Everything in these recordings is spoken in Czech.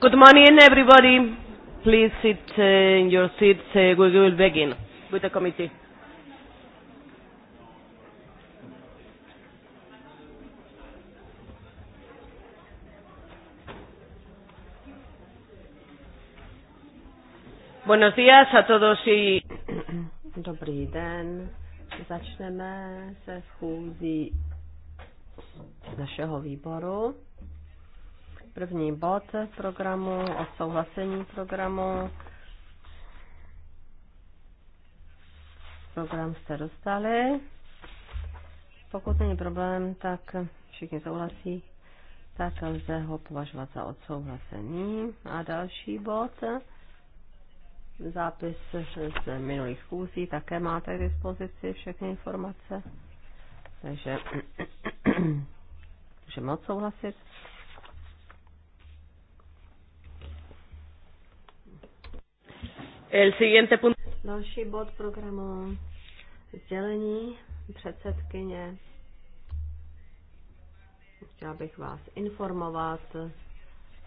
Good morning, everybody. Please sit uh, in your seats. Uh, we will begin with the committee. Buenos días a todos y... Dobrý den. Začneme se schůzí našeho výboru. První bod programu, souhlasení programu. Program jste dostali. Pokud není problém, tak všichni souhlasí, tak lze ho považovat za odsouhlasení. A další bod, zápis z minulých schůzí, také máte k dispozici všechny informace. Takže můžeme odsouhlasit. El siguiente punto. Další bod programu sdělení předsedkyně. Chtěla bych vás informovat,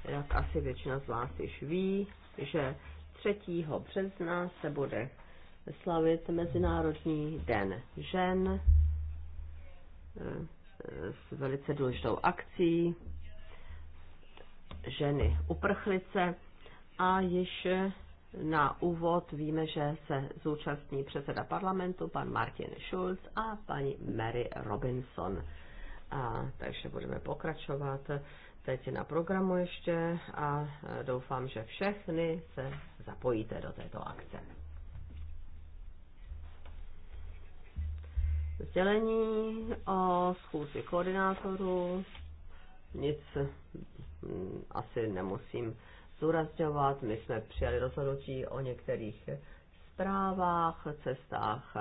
jak asi většina z vás již ví, že 3. března se bude slavit Mezinárodní den žen s velice důležitou akcí ženy uprchlice a již na úvod víme, že se zúčastní předseda parlamentu, pan Martin Schulz a paní Mary Robinson. A, takže budeme pokračovat teď na programu ještě a e, doufám, že všechny se zapojíte do této akce. Sdělení o schůzi koordinátorů. Nic mm, asi nemusím zdůrazňovat. My jsme přijali rozhodnutí o některých zprávách, cestách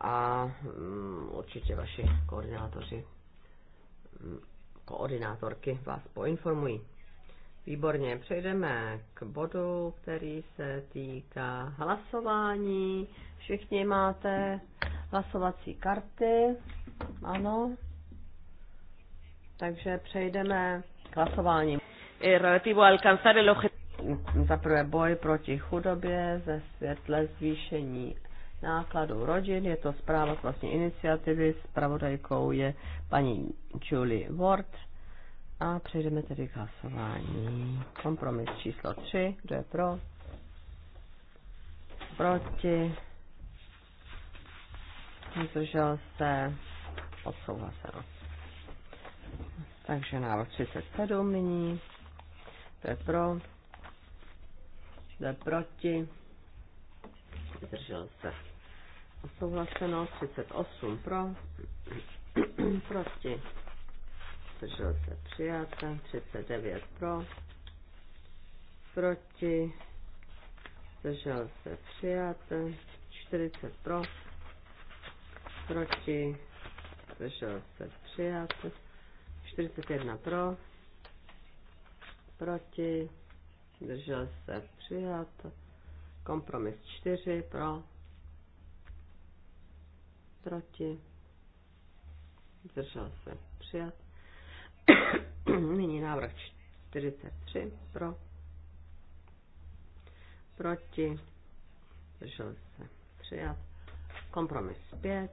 a um, určitě vaši koordinátoři, um, koordinátorky vás poinformují. Výborně, přejdeme k bodu, který se týká hlasování. Všichni máte hlasovací karty, ano. Takže přejdeme k hlasování. Eh, relativo a alcanzar el objetivo. boj proti chudobě ze světle zvýšení nákladů rodin. Je to zpráva z vlastní iniciativy. Zpravodajkou je paní Julie Ward. A přejdeme tedy k hlasování. Kompromis číslo 3. Kdo je pro? Proti? Zdržel se? Odsouhlaseno. Takže návrh 37 nyní. To je pro? To je proti? Zdržel se. Souhlaseno 38 pro. Proti. Zdržel se přijata. 39 pro. Proti. Zdržel se přijat. 40 pro. Proti. Zdržel se přijat. 41 pro proti, zdržel se přijat, kompromis 4 pro, proti, zdržel se přijat. Nyní návrh 43 pro, proti, zdržel se přijat. Kompromis 5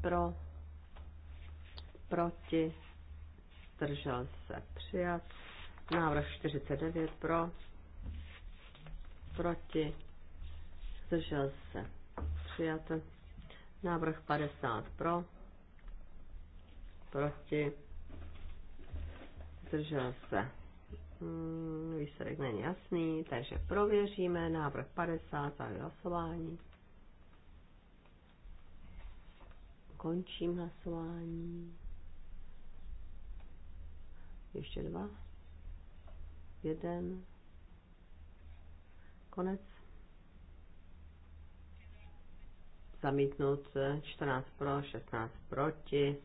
pro, proti, zdržel se přijat. Návrh 49 pro, proti, zdržel se, přijat. Návrh 50 pro, proti, zdržel se. Hmm, výsledek není jasný, takže prověříme návrh 50 a hlasování. Končím hlasování. Ještě dva jeden, konec. Zamítnout 14 pro, 16 proti.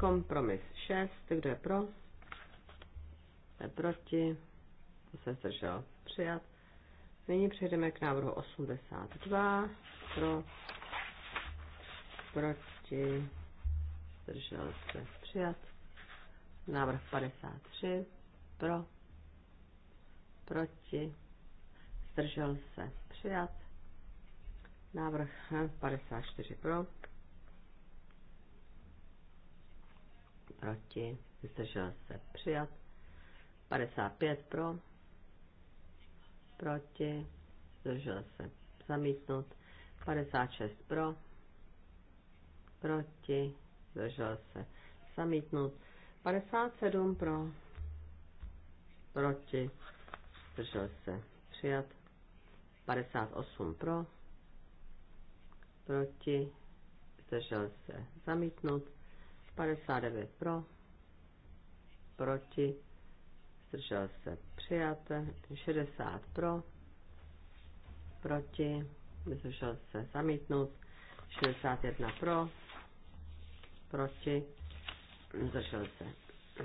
Kompromis 6, kdo je pro? je proti? to se zdržel? Přijat. Nyní přejdeme k návrhu 82. Pro, proti, zdržel se přijat. Návrh 53 pro, proti, zdržel se, přijat. Návrh 54 pro, proti, zdržel se, přijat. 55 pro, proti, zdržel se, zamítnut. 56 pro, proti, zdržel se, zamítnut. 57 pro, proti, zdržel se přijat, 58 pro, proti, zdržel se zamítnut, 59 pro, proti, zdržel se přijat, 60 pro, proti, zdržel se zamítnut, 61 pro, proti, zdržel se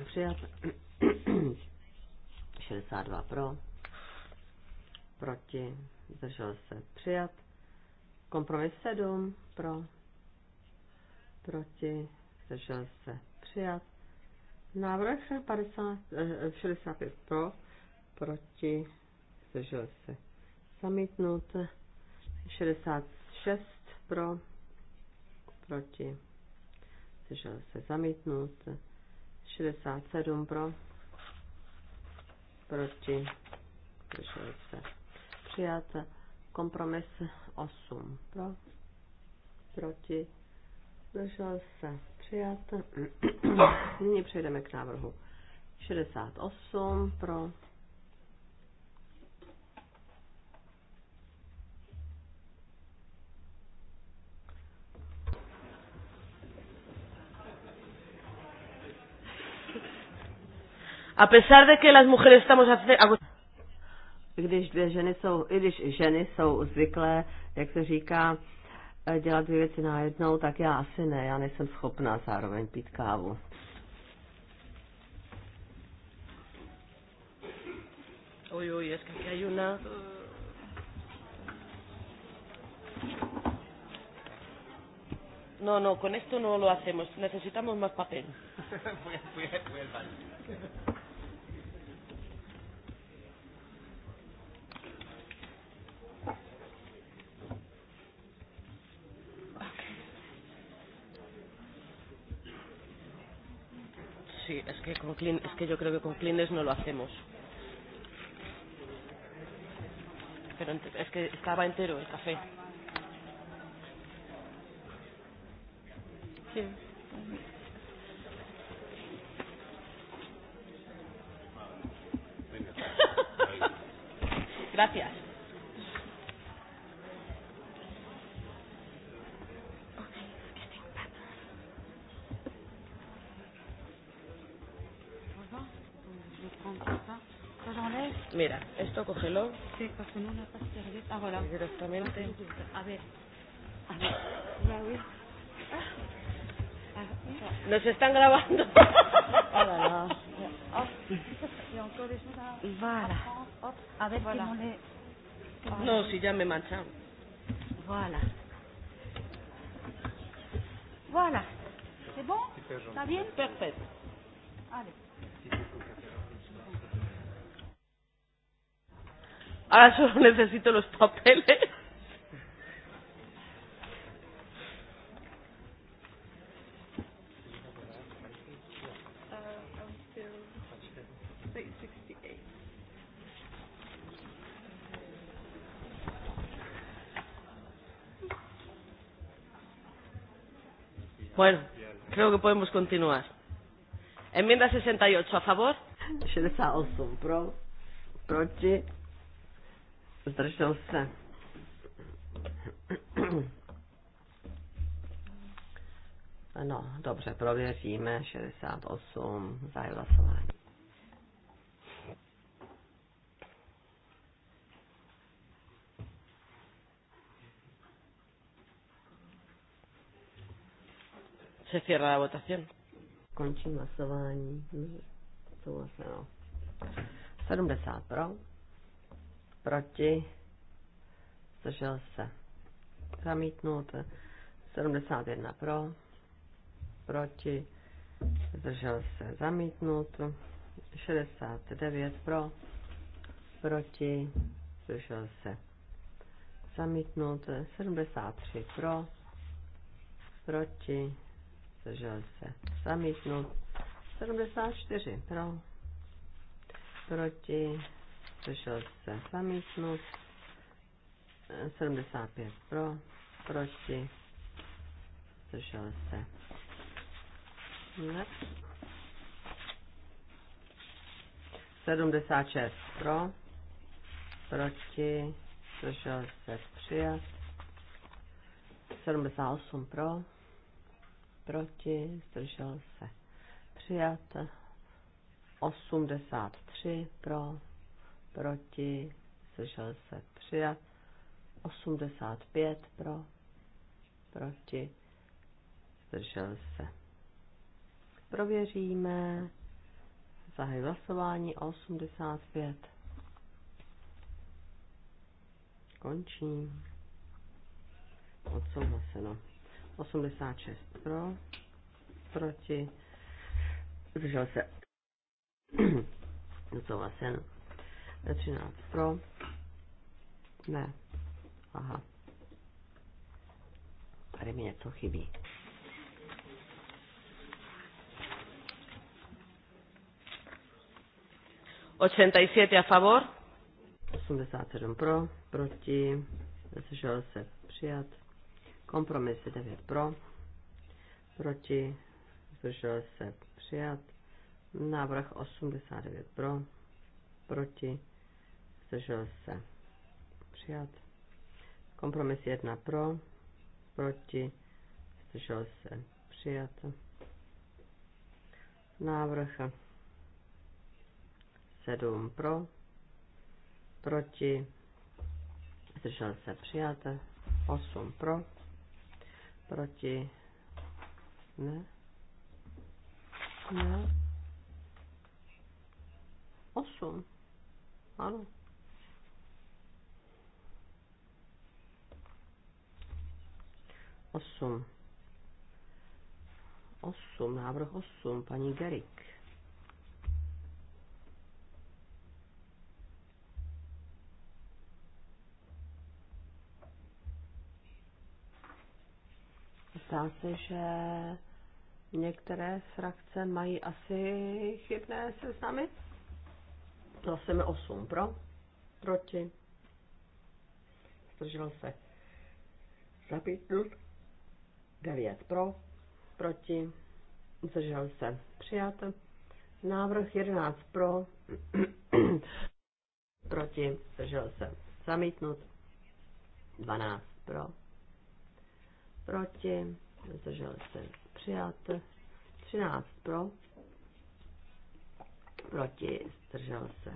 přijat, 62 pro, proti, zdržel se přijat. Kompromis 7 pro, proti, zdržel se přijat. Návrh 50, 65 eh, pro, proti, zdržel se zamítnut. 66 pro, proti, zdržel se zamítnut. 67 pro, proti, zdrželi se, přijat. Kompromis 8 pro, proti, zdržel se, přijat. Nyní přejdeme k návrhu 68 pro, A pesar de que las mujeres estamos když dvě ženy jsou, i když ženy jsou zvyklé, jak se říká, eh, dělat dvě věci najednou, tak já asi ne, já nejsem schopná zároveň pít kávu. es que aquí hay una... No, no, con esto no lo hacemos. Necesitamos más papel. voy, voy, voy al baño. Sí, es que, con Clean, es que yo creo que con Clines no lo hacemos. Pero es que estaba entero el café. Sí. Gracias. Mira, esto cógelo. Sí, pues con una pastilla. Ah, voilà. Directamente. A ver. A ver. Ah, ah. Nos están grabando. Ah y a encore Voilà. A ver voilà. si No, si ya me he manchado. Voilà. Voilà. C'est bon Está bien Perfecto. Allez. Ahora solo necesito los papeles. Bueno, creo que podemos continuar. Enmienda 68, a favor? 68, pro, Proche zdržel se. No, dobře, prověříme. 68, zahájil hlasování. Se cierra la votación. Končím hlasování. Souhlasím. 70 pro proti, zdržel se. Zamítnut 71 pro, proti, zdržel se. Zamítnut 69 pro, proti, zdržel se. Zamítnut 73 pro, proti, zdržel se. Zamítnut 74 pro, proti, zdržel se zamítnout. 75 pro, proti, zdržel se. Ne. 76 pro, proti, zdržel se přijat, 78 pro, proti, zdržel se přijat, 83 pro, proti, zdržel se přijat, 85 pro, proti, zdržel se. Prověříme, zahaj hlasování 85. Končím. Odsouhlaseno. 86 pro, proti, zdržel se. Odsouhlaseno. 13 pro. Ne. Aha. Tady mi něco chybí. siete a favor. 87 pro, proti, zdržel se přijat. Kompromis 9 pro, proti, zdržel se přijat. Návrh 89 pro, proti, zdržel se přijat. Kompromis 1 pro, proti, zdržel se přijat. Návrh 7 pro, proti, zdržel se přijat. 8 pro, proti, ne, ne, 8, ano. 8. 8, návrh 8, paní Gerik. Zdá se, že některé frakce mají asi chybné seznamy. mi 8 pro, proti. Zdržel se. Zapítnout. 9 pro, proti, zdržel se přijat. Návrh 11 pro, proti, zdržel se zamítnut. 12 pro, proti, zdržel se přijat. 13 pro, proti, zdržel se.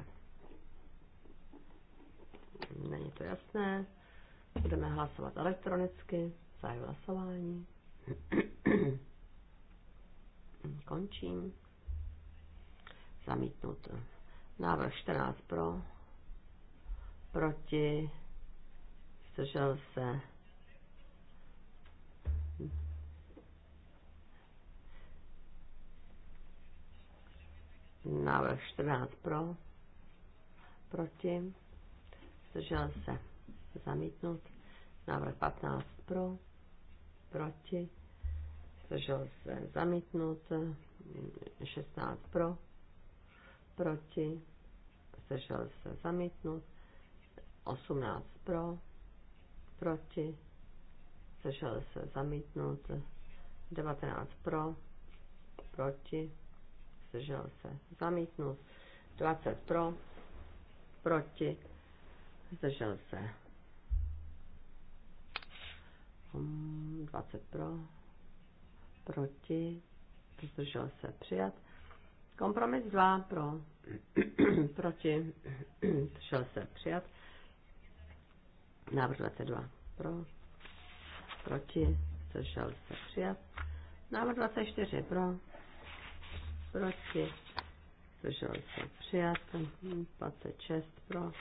Není to jasné. Budeme hlasovat elektronicky, Zahajuji hlasování. Končím. Zamítnut. Návrh 14 pro. Proti. Zdržel se. Návrh 14 pro. Proti. Zdržel se. Zamítnut. Návrh 15 pro proti, zdržel se zamítnut, 16 pro, proti, zdržel se zamítnut, 18 pro, proti, zdržel se zamítnut, 19 pro, proti, zdržel se zamítnut, 20 pro, proti, zdržel se. Um. 20 pro, proti, zdržel se přijat. Kompromis 2 pro, proti, zdržel se přijat. Návrh 22 pro, proti, zdržel se přijat. Návrh 24 pro, proti, zdržel se přijat. 26 pro,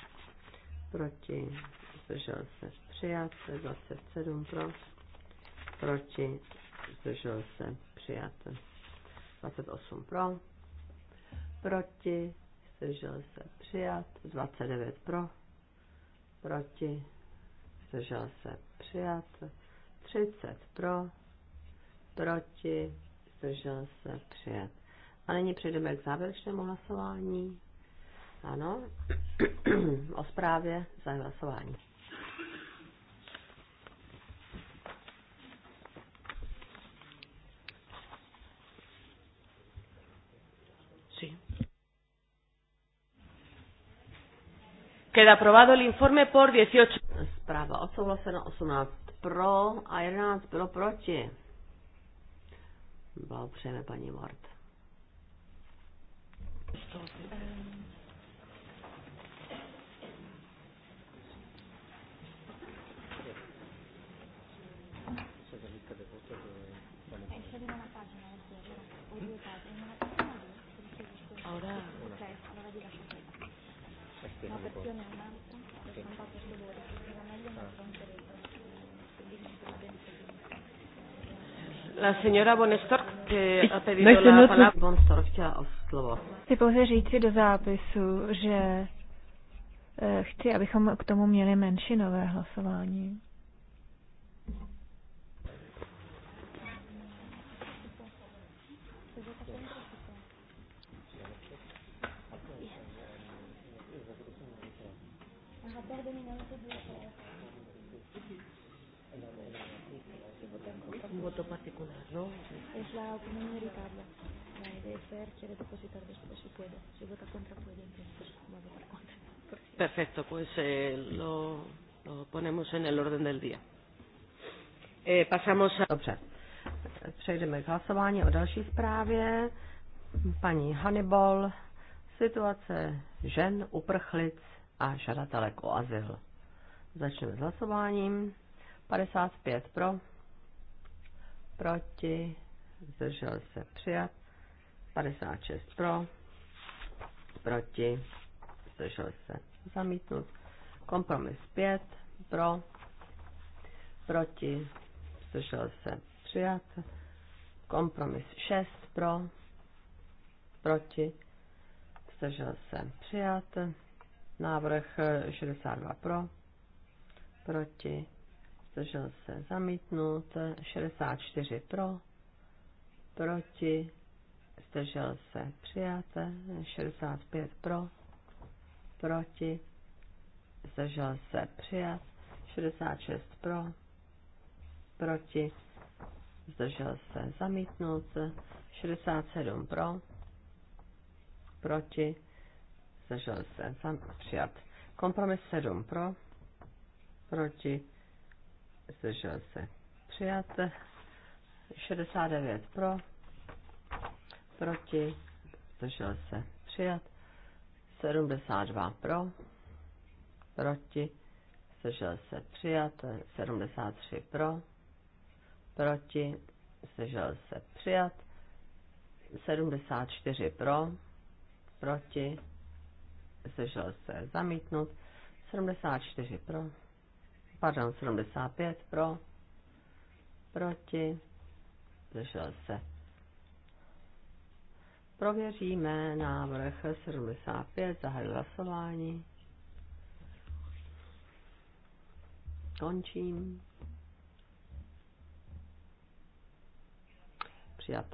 proti, zdržel se přijat. 27 pro, proti, zdržel se, přijat. 28 pro, proti, zdržel se, přijat. 29 pro, proti, zdržel se, přijat. 30 pro, proti, zdržel se, přijat. A nyní přejdeme k závěrečnému hlasování. Ano, o zprávě za hlasování. Queda aprobado el informe por 18. Zpráva odsouhlasena 18 pro a 11 bylo proti. Blahopřejeme paní Mort. Ahora No, la señora Bonestork ha pedido la palabra. Bonestork chtěla o slovo. Chci pouze říci do zápisu, že eh, chci, abychom k tomu měli menšinové hlasování. Un voto particular, ¿no? Es la opinión meritaria. La EDFR quiere depositar después si puede. Si vota contra puede, entonces va a votar contra. Perfecto, pues eh, lo, lo ponemos en el orden del día. Eh, pasamos a... Dobře. Přejdeme k hlasování o další zprávě. Paní Hannibal, situace žen uprchlic a žadatelek o azyl. Začneme s hlasováním. 55 pro, proti, zdržel se přijat. 56 pro, proti, zdržel se zamítnut. Kompromis 5 pro, proti, zdržel se přijat. Kompromis 6 pro, proti, zdržel se přijat. Návrh 62 eh, pro, proti, zdržel se zamítnut, 64 pro, proti, zdržel se přijat, 65 pro, proti, zdržel se přijat, 66 pro, proti, zdržel se zamítnut, 67 pro, proti, zdržel se, sam přijat. Kompromis 7 pro, proti, zdržel se, přijat. 69 pro, proti, zdržel se, přijat. 72 pro, proti, zdržel se, přijat. 73 pro, proti, zdržel se, přijat. 74 pro, proti, zdržel se zamítnut, 74 pro, pardon, 75 pro, proti, zdržel se. Prověříme návrh 75, zahajuji hlasování. Končím. Přijat.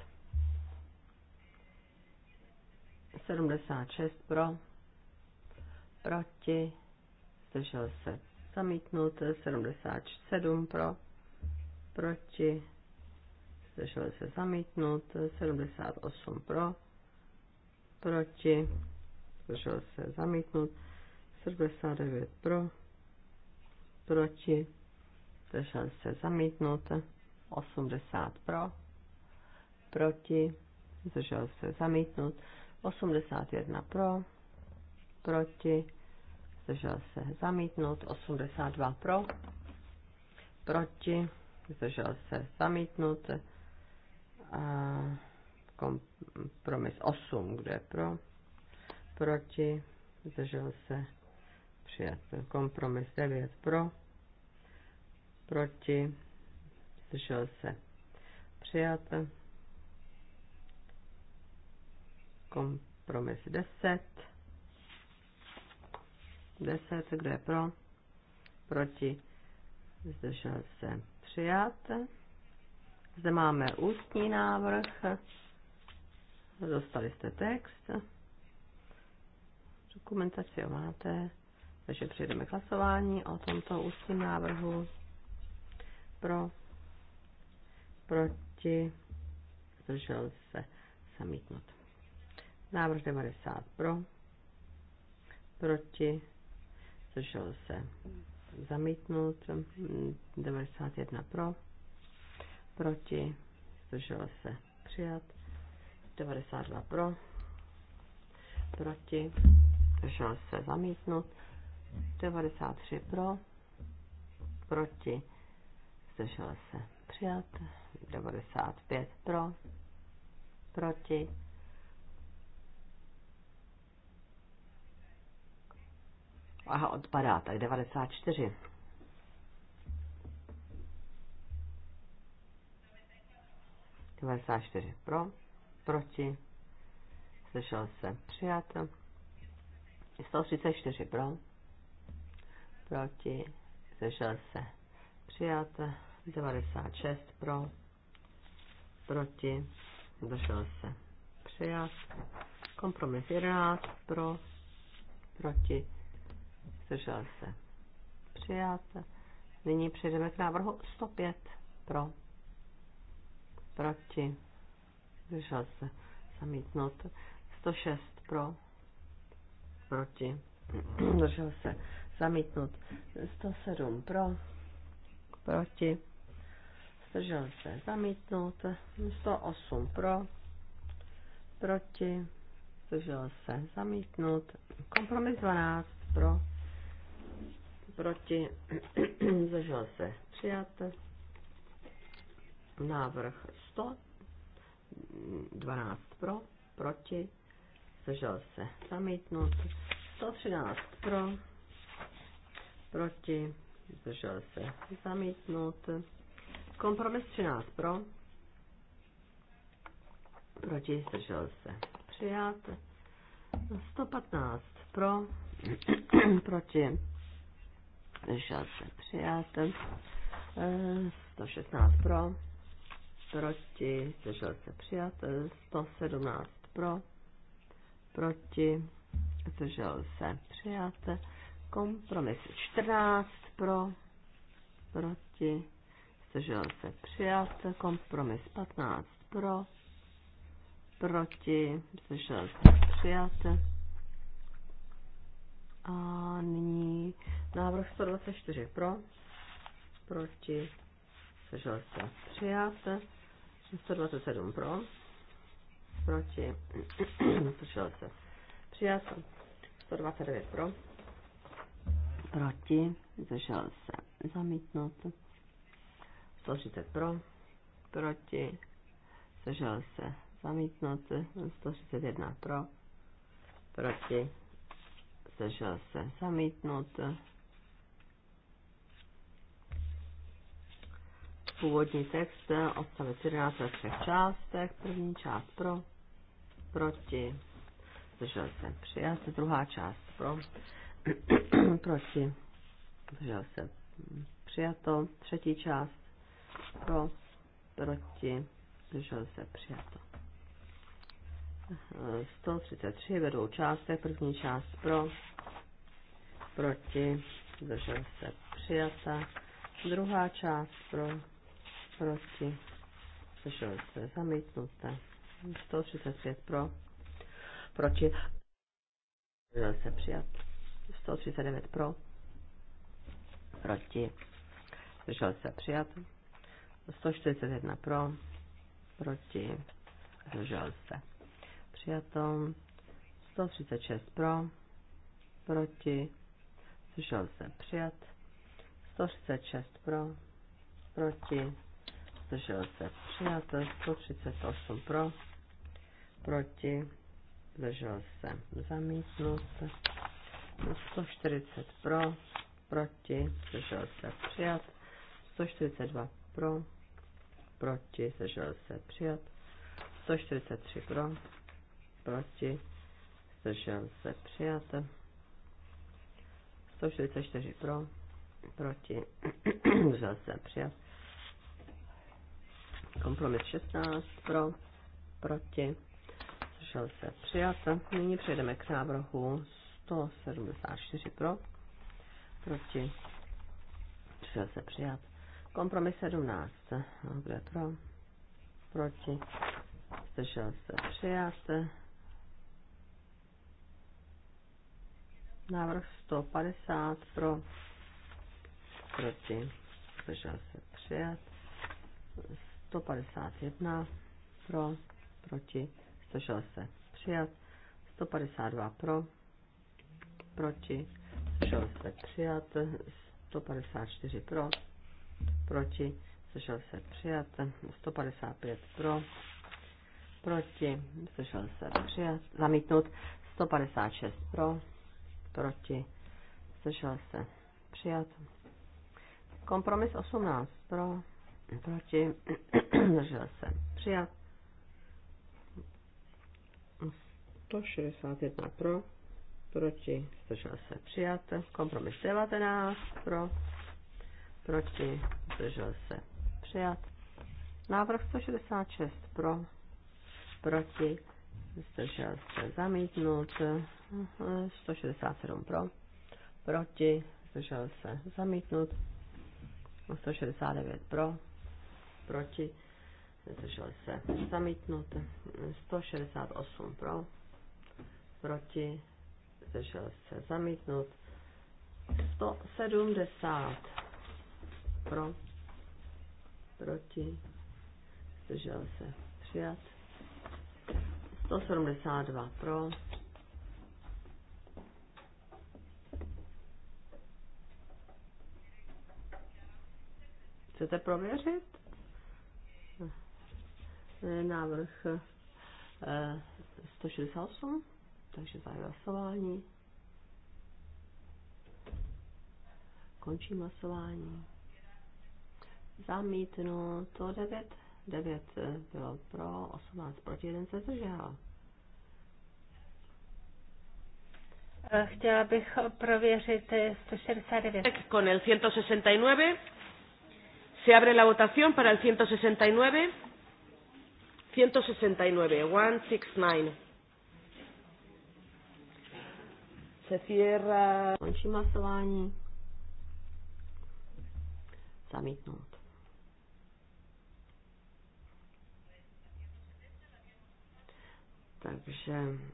76 pro proti, zdržel se zamítnut, 77 pro, proti, zdržel se zamítnut, 78 pro, proti, zdržel se zamítnut, 79 pro, proti, zdržel se zamítnut, 80 pro, proti, zdržel se zamítnut, 81 pro, proti, zdržel se zamítnout, 82 pro, proti, zdržel se zamítnout, a kompromis 8, kde je pro, proti, zdržel se přijat, kompromis 9 pro, proti, zdržel se přijat, kompromis 10, 10, kdo je pro, proti, zdržel se přijat. Zde máme ústní návrh, dostali jste text, dokumentaci ho máte, takže přejdeme k hlasování o tomto ústním návrhu pro, proti, zdržel se zamítnut. Návrh 90 pro, proti, zdržel se zamítnut, 91 mm, pro, proti, zdržel se přijat, 92 pro, proti, zdržel se zamítnut, 93 pro, proti, zdržel se přijat, 95 pro, proti, Aha, odpadá, tak 94. čtyři pro, proti, slyšel se, přijat. 134 pro, proti, slyšel se, přijat. 96 pro, proti, zdržel se, přijat. Kompromis 11 pro, proti, zdržel se přijat. Nyní přejdeme k návrhu 105 pro, proti, zdržel se zamítnout. 106 pro, proti, zdržel se zamítnout. 107 pro, proti, zdržel se zamítnout. 108 pro, proti, zdržel se zamítnout. Kompromis 12 pro, proti, zdržel se, přijat. Návrh 100. 12 pro, proti, zdržel se, zamítnut. 113 pro, proti, zdržel se, zamítnut. Kompromis 13 pro, proti, zdržel se, přijat. 115 pro, proti, zdržel se přijatel. Eh, 116 pro, proti, zdržel se přijatel. Eh, 117 pro, proti, zdržel se přijatel. Kompromis 14 pro, proti, zdržel se přijatel. Kompromis 15 pro, proti, zdržel se přijatel. A nyní návrh 124 pro, proti, sežel se přijat, 127 pro, proti, sežel se přijat, 129 pro, proti, sežel se zamítnout, 130 pro, proti, sežel se zamítnout, 131 pro, proti, zdržel se zamítnout. Původní text, odstavec 13 ve třech částech, první část pro, proti, zdržel se přijat, druhá část pro, proti, zdržel se přijato, třetí část pro, proti, zdržel se přijato. 133 ve dvou částech. První část pro, proti, zdržel se přijata. Druhá část pro, proti, zdržel se zamítnuté. 135 pro, proti, zdržel se přijat. 139 pro, proti, zdržel se přijat. 141 pro, proti, zdržel se přijato. 136 pro, proti, slyšel se přijat. 136 pro, proti, slyšel se přijat. 138 pro, proti, slyšel se zamítnut. 140 pro, proti, slyšel se přijat. 142 pro, proti, slyšel se přijat. 143 pro, proti, zdržel se přijat. 144 pro, proti, zdržel se přijat. Kompromis 16 pro, proti, zdržel se přijat. Nyní přejdeme k návrhu 174 pro, proti, zdržel se přijat. Kompromis 17, kdo pro, proti, zdržel se přijat. Návrh 150 pro, proti, zdržel se přijat. 151 pro, proti, zdržel se přijat. 152 pro, proti, zdržel se přijat. 154 pro, proti, zdržel se přijat. 155 pro, proti, zdržel se přijat. Zamítnut 156 pro, proti, zdržel se, přijat. Kompromis 18, pro, proti, zdržel se, přijat. 161 pro, proti, zdržel se, přijat. Kompromis 19, pro, proti, zdržel se, přijat. Návrh 166 pro, proti, zdržel se zamítnut, 167 pro, proti, zdržel se zamítnut, 169 pro, proti, zdržel se zamítnut, 168 pro, proti, zdržel se zamítnut, 170 pro, proti, zdržel se přijat, 172 pro. Chcete prověřit? Návrh 168, eh, takže zahajuji hlasování. Končím hlasování. to 9 9 eh, bylo pro, 18 proti, 1 se zdržel. Eh, chtěla bych prověřit 169. Eh, con el 169 se abre la votación para el 169. 169, 169. Končím hlasování. Zamítnu. Takže mm,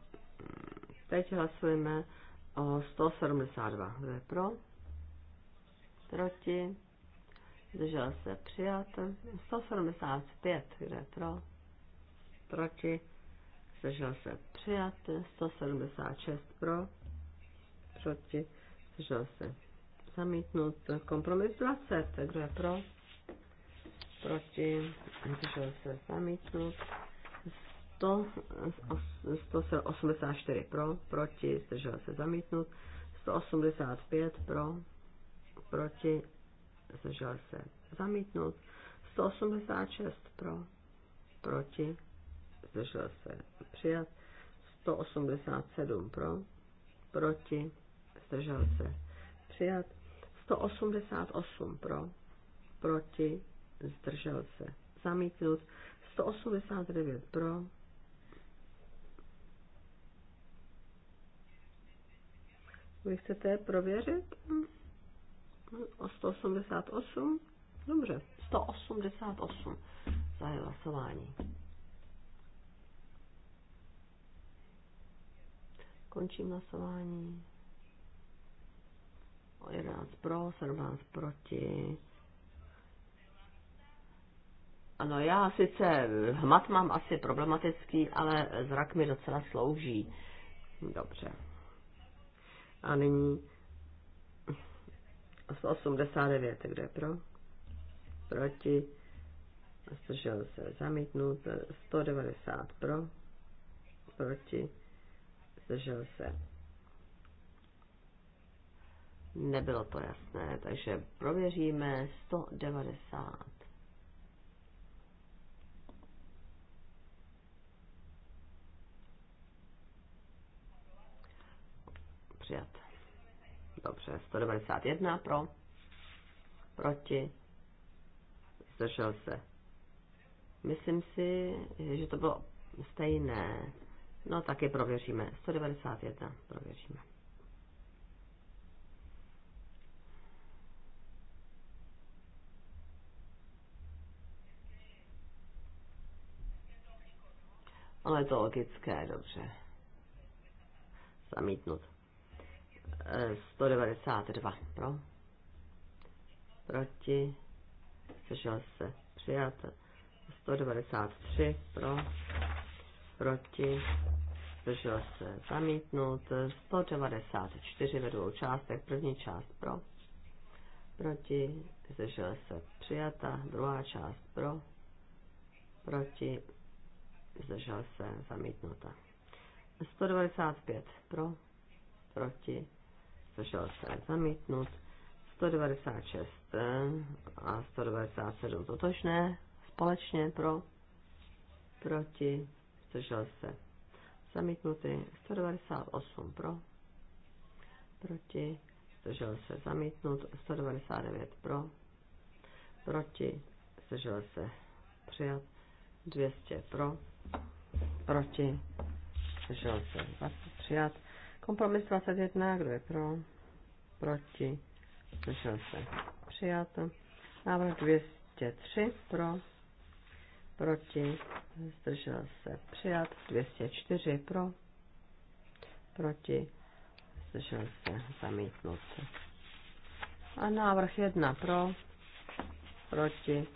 teď hlasujeme o 172. Kdo je pro? Proti? Zdržel se přijat. 175. Kdo je pro? Proti? Zdržel se přijat. 176 pro? Proti? Zdržel se zamítnut. Kompromis 20. Kdo je pro? Proti? Zdržel se zamítnut. 100, 184 pro, proti, zdržel se zamítnut, 185 pro, proti, zdržel se zamítnut, 186 pro, proti, zdržel se přijat, 187 pro, proti, zdržel se přijat, 188 pro, proti, zdržel se zamítnut, 189 pro, Vy chcete prověřit? 188? Dobře, 188 za hlasování. Končím hlasování. O 11 pro, 17 proti. Ano, já sice hmat mám asi problematický, ale zrak mi docela slouží. Dobře. A nyní 89, kdo je pro? Proti. Zdržel se zamítnut. 190 pro. Proti. Zdržel se. Nebylo to jasné, takže prověříme 190. přijat. Dobře, 191 pro, proti, zdržel se. Myslím si, že to bylo stejné. No taky prověříme. 191 prověříme. Ale je to logické, dobře. Zamítnut. 192 pro, proti, Sešel se přijat, 193 pro, proti, zdržel se zamítnout. 194 ve dvou částech, první část pro, proti, zdržel se přijata, druhá část pro, proti, zdržel se zamítnuta. 195 pro, proti, zdržel se zamítnout 196 eh, a 197 totožné, společně pro, proti, zdržel se zamítnutý, 198 pro, proti, zdržel se zamítnut, 199 pro, proti, zdržel se přijat, 200 pro, proti, zdržel se přijat, Kompromis 21, kdo je pro? Proti? Slyšel se. přijato. Návrh 203 pro. Proti? Zdržel se. Přijat. 204 pro. Proti? Zdržel se. Zamítnut. A návrh 1 pro. Proti?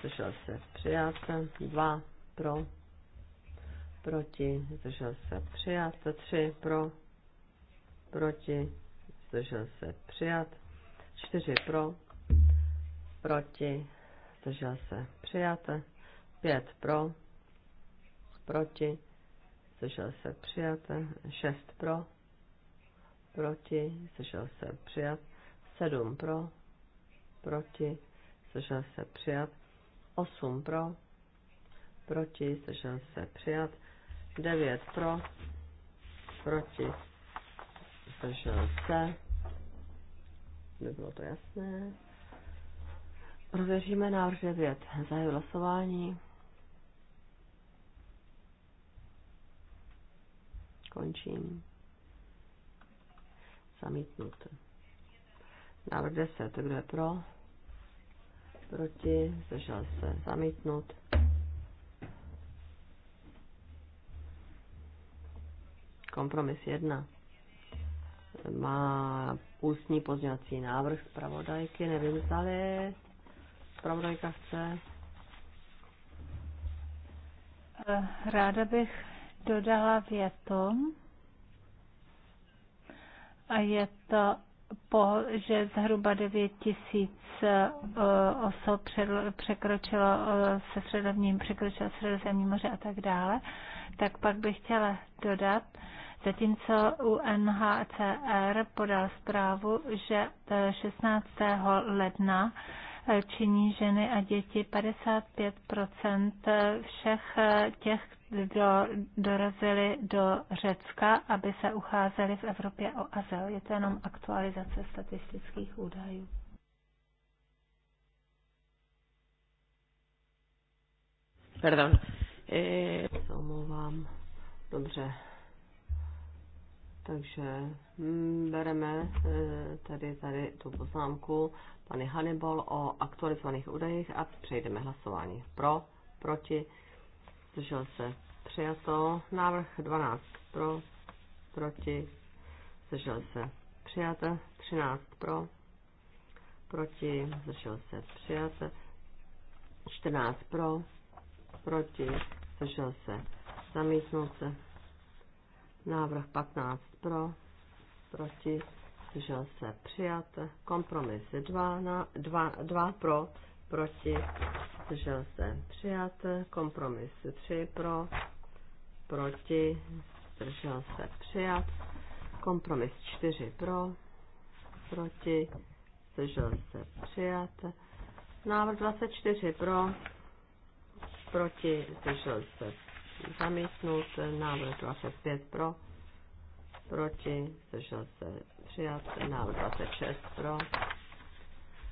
Zdržel se. Přijat. 2 pro proti, zdržel se přijat, tři, pro, proti, zdržel se přijat, čtyři, pro, proti, zdržel se přijat, pět, pro, proti, zdržel se přijat, šest, pro, proti, zdržel se přijat, sedm, pro, proti, zdržel se přijat, osm, pro, proti, zdržel se přijat, 9 pro, proti, zdržel se, by bylo to jasné. Prověříme návrh 9. Zahajuji hlasování. Končím. Zamítnut. Návrh 10. Kdo je pro? Proti? Zdržel se. Zamítnut. Kompromis 1 má ústní pozdělací návrh zpravodajky, nevím, zdali je zpravodajka chce. Eh, ráda bych dodala větu, a je to po, že zhruba 9 tisíc eh, osob překročilo eh, se středovním, překročilo středozemní moře a tak dále, tak pak bych chtěla dodat, zatímco UNHCR podal zprávu, že 16. E, ledna e, činí ženy a děti 55 e, všech těch, kdo dorazili do Řecka, aby se ucházeli v Evropě o azyl. Je to jenom aktualizace statistických údajů. Pardon. Eh... Omlouvám. Dobře, takže mm, bereme e, tady, tady tu poznámku pany Hannibal o aktualizovaných údajích a přejdeme hlasování. Pro, proti, zdržel se přijato. Návrh 12 pro, proti, zdržel se přijat. 13 pro, proti, zdržel se přijat. 14 pro, proti, zdržel se zamítnout se. Návrh 15 pro, proti, zdržel se přijat. Kompromis 2, na, 2, 2 pro, proti, zdržel se přijat. Kompromis 3 pro, proti, zdržel se přijat. Kompromis 4 pro, proti, zdržel se přijat. Návrh 24 pro, proti, zdržel se zamítnut, návrh 25 pro, proti, zdržel se přijat, návrh 26 pro,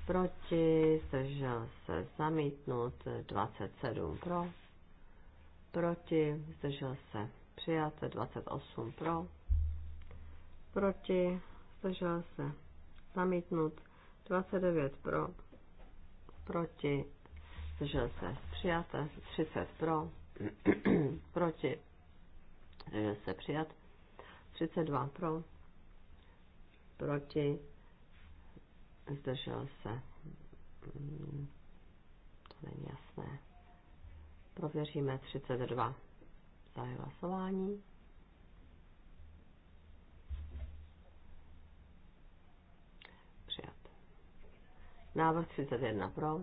proti, zdržel se zamítnut, 27 pro, proti, zdržel se přijat, 28 pro, proti, zdržel se zamítnut, 29 pro, proti, zdržel se přijat, 30 pro, proti, zdržel se přijat. 32 pro, proti, zdržel se. To není jasné. Prověříme 32. Zahajuji hlasování. Přijat. Návrh 31 pro,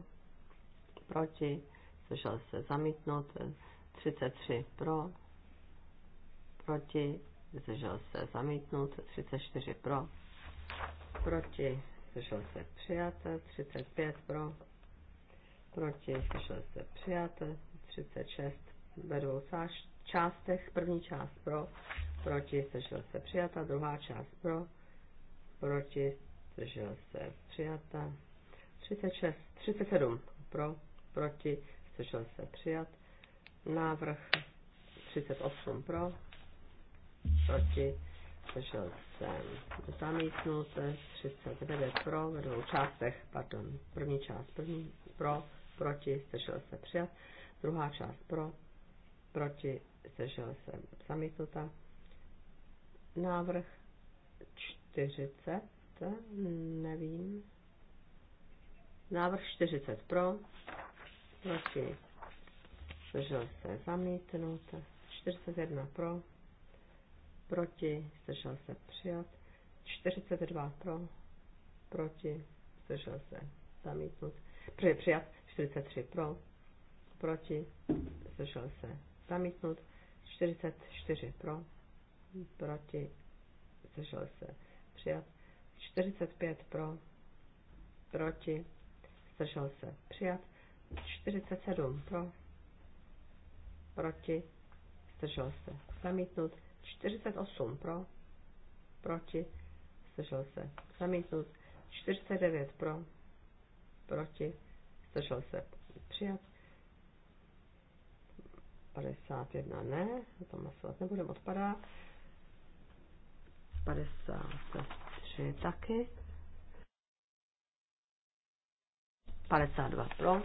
proti, zdržel se zamítnout. 33 pro, proti, zdržel se zamítnut, 34 pro, proti, zdržel se přijat, 35 pro, proti, zdržel se přijat, 36 ve dvou částech, první část pro, proti, zdržel se přijat, druhá část pro, proti, zdržel se přijat, 36, 37 pro, proti, zdržel se přijat, Návrh 38 pro, proti, zdržel se zamítnut, 39 pro, ve dvou částech, pardon, první část první, pro, proti, zdržel se přijat, druhá část pro, proti, zdržel se zamítnuta. Návrh 40, nevím. Návrh 40 pro, proti, zdržel se zamítnut, 41 pro, proti, zdržel se přijat, 42 pro, proti, zdržel se zamítnut, při, přijat, 43 pro, proti, zdržel se zamítnut, 44 pro, proti, zdržel se přijat, 45 pro, proti, zdržel se přijat, 47 pro, proti, zdržel se, zamítnut, 48 pro, proti, zdržel se, zamítnut, 49 pro, proti, zdržel se, přijat, 51 ne, o tom hlasovat nebudeme, odpadá, 53 taky, 52 pro,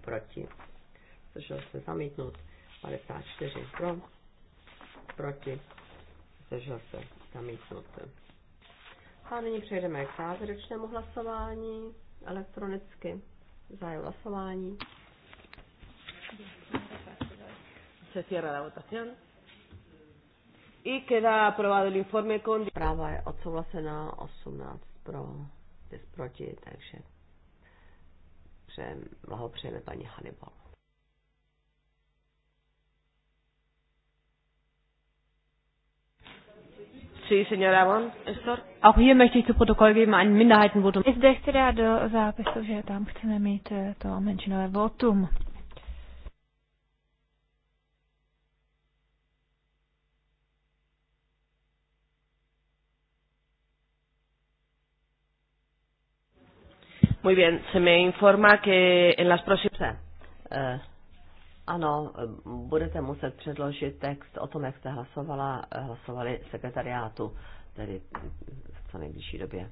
proti, zdržel se zamítnut. 54 pro, proti, zdržel se zamítnut. A nyní přejdeme k závěrečnému hlasování elektronicky. Zájem hlasování. Se cierra la votación. Y queda aprobado el informe con... Práva je odsouhlasená 18 pro, 10 proti, takže přejem, blahopřejeme paní Hannibal. Sí, señora Bon, Estor. Auch hier möchte ich zu Protokoll geben ein Minderheitenvotum. I zde chci dát do zápisu, že tam chceme mít eh, to menšinové votum. Muy bien, se me informa que en las próximas... Uh, ano, budete muset předložit text o tom, jak jste hlasovala, hlasovali sekretariátu, tedy v co nejbližší době.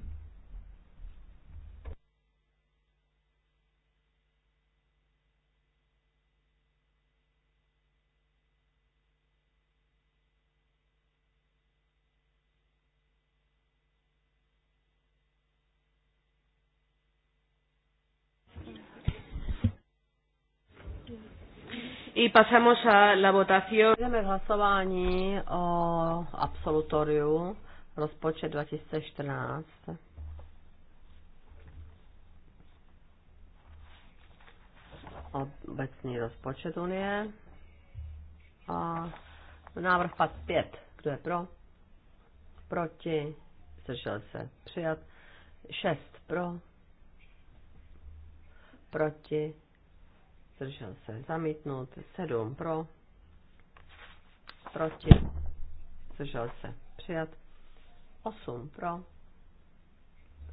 pasamos a la votación. Jdeme v hlasování o absolutoriu rozpočet 2014. Obecný rozpočet Unie. A návrh 5. Kdo je pro? Proti? Zdržel se. Přijat. 6 pro. Proti? zdržel se zamítnut, 7 pro, proti, zdržel se přijat, 8 pro,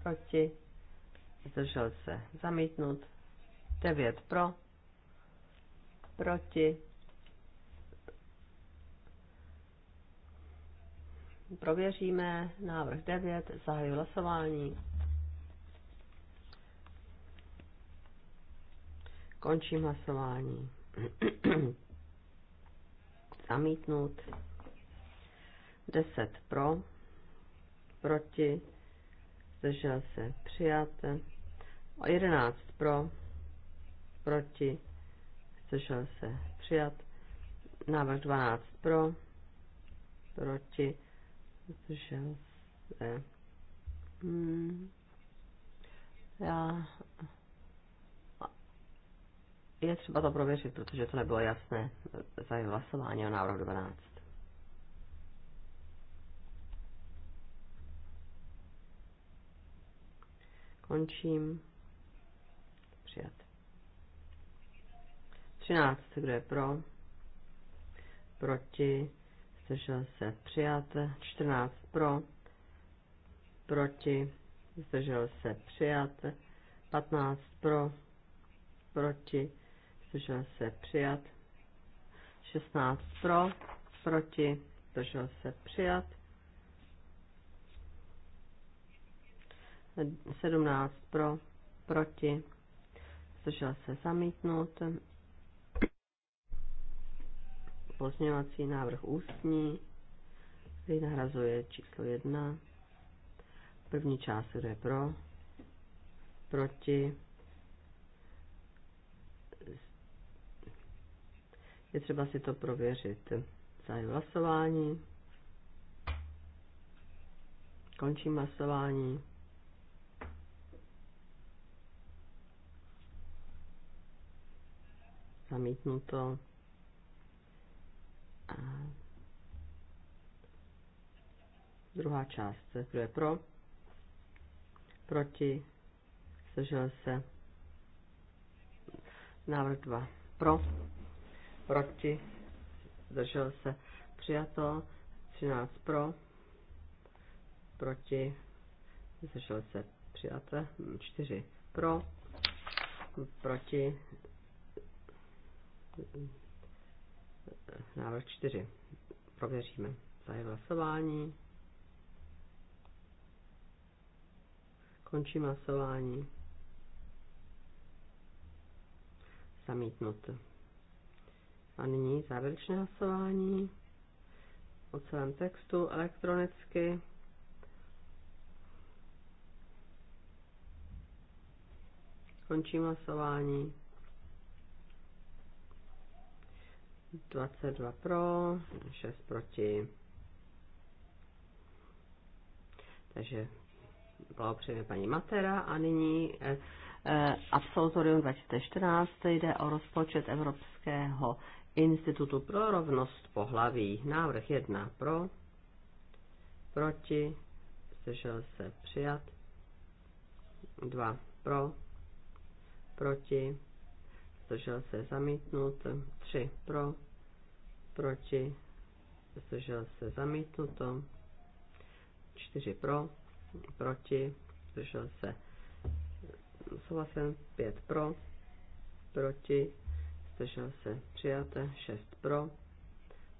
proti, zdržel se zamítnut, 9 pro, proti, prověříme návrh 9, zahajuji hlasování. Končím hlasování. Zamítnout. 10 pro, proti, zdržel se, přijat. 11 pro, proti, zdržel se, přijat. Návrh 12 pro, proti, zdržel se. Hmm. Já je třeba to prověřit, protože to nebylo jasné za hlasování o návrhu 12. Končím. Přijat. 13. Kdo je pro? Proti? Zdržel se. Přijat. 14. Pro? Proti? Zdržel se. Přijat. 15. Pro? Proti? zdržel se přijat. 16 pro, proti, zdržel se přijat. 17 pro, proti, zdržel se zamítnout. pozměvací návrh ústní, který nahrazuje číslo 1. První část, je pro, proti, Je třeba si to prověřit. Zahajuji hlasování. Končím hlasování. Zamítnuto. A druhá část. Kdo je pro? Proti? Zdržel se? Návrh 2. Pro? proti, zdržel se, přijato, 13 pro, proti, zdržel se, přijate, 4 pro, proti, návrh 4, prověříme, zahájí hlasování, končím hlasování, zamítnuto. A nyní závěrečné hlasování o celém textu elektronicky. Končím hlasování. 22 pro, 6 proti. Takže blahopřejeme paní Matera a nyní eh, eh, absolutorium 2014 jde o rozpočet Evropského Institutu pro rovnost pohlaví. Návrh 1 pro, proti, zdržel se přijat. 2 pro, proti, zdržel se zamítnut. 3 pro, proti, zdržel se zamítnuto. 4 pro, proti, zdržel se souhlasen. 5 pro, proti, zdržel se, přijaté, 6 pro,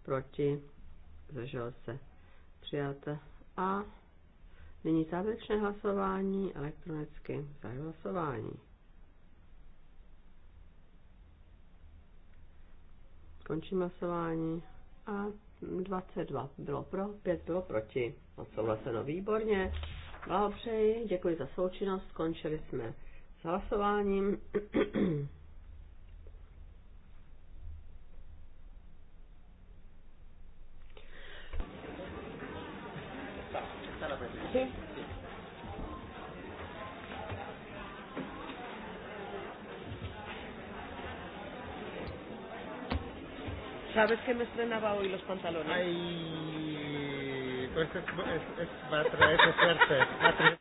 proti, zdržel se, přijaté. A nyní závěrečné hlasování elektronicky, za hlasování. Končím hlasování a 22 bylo pro, 5 bylo proti. Odsouhlaseno výborně. Blahopřeji, děkuji za součinnost, skončili jsme s hlasováním. ¿Sabes que me estrenaba hoy los pantalones? Ay, pues es, es, es, va a traer suerte. Va a traer...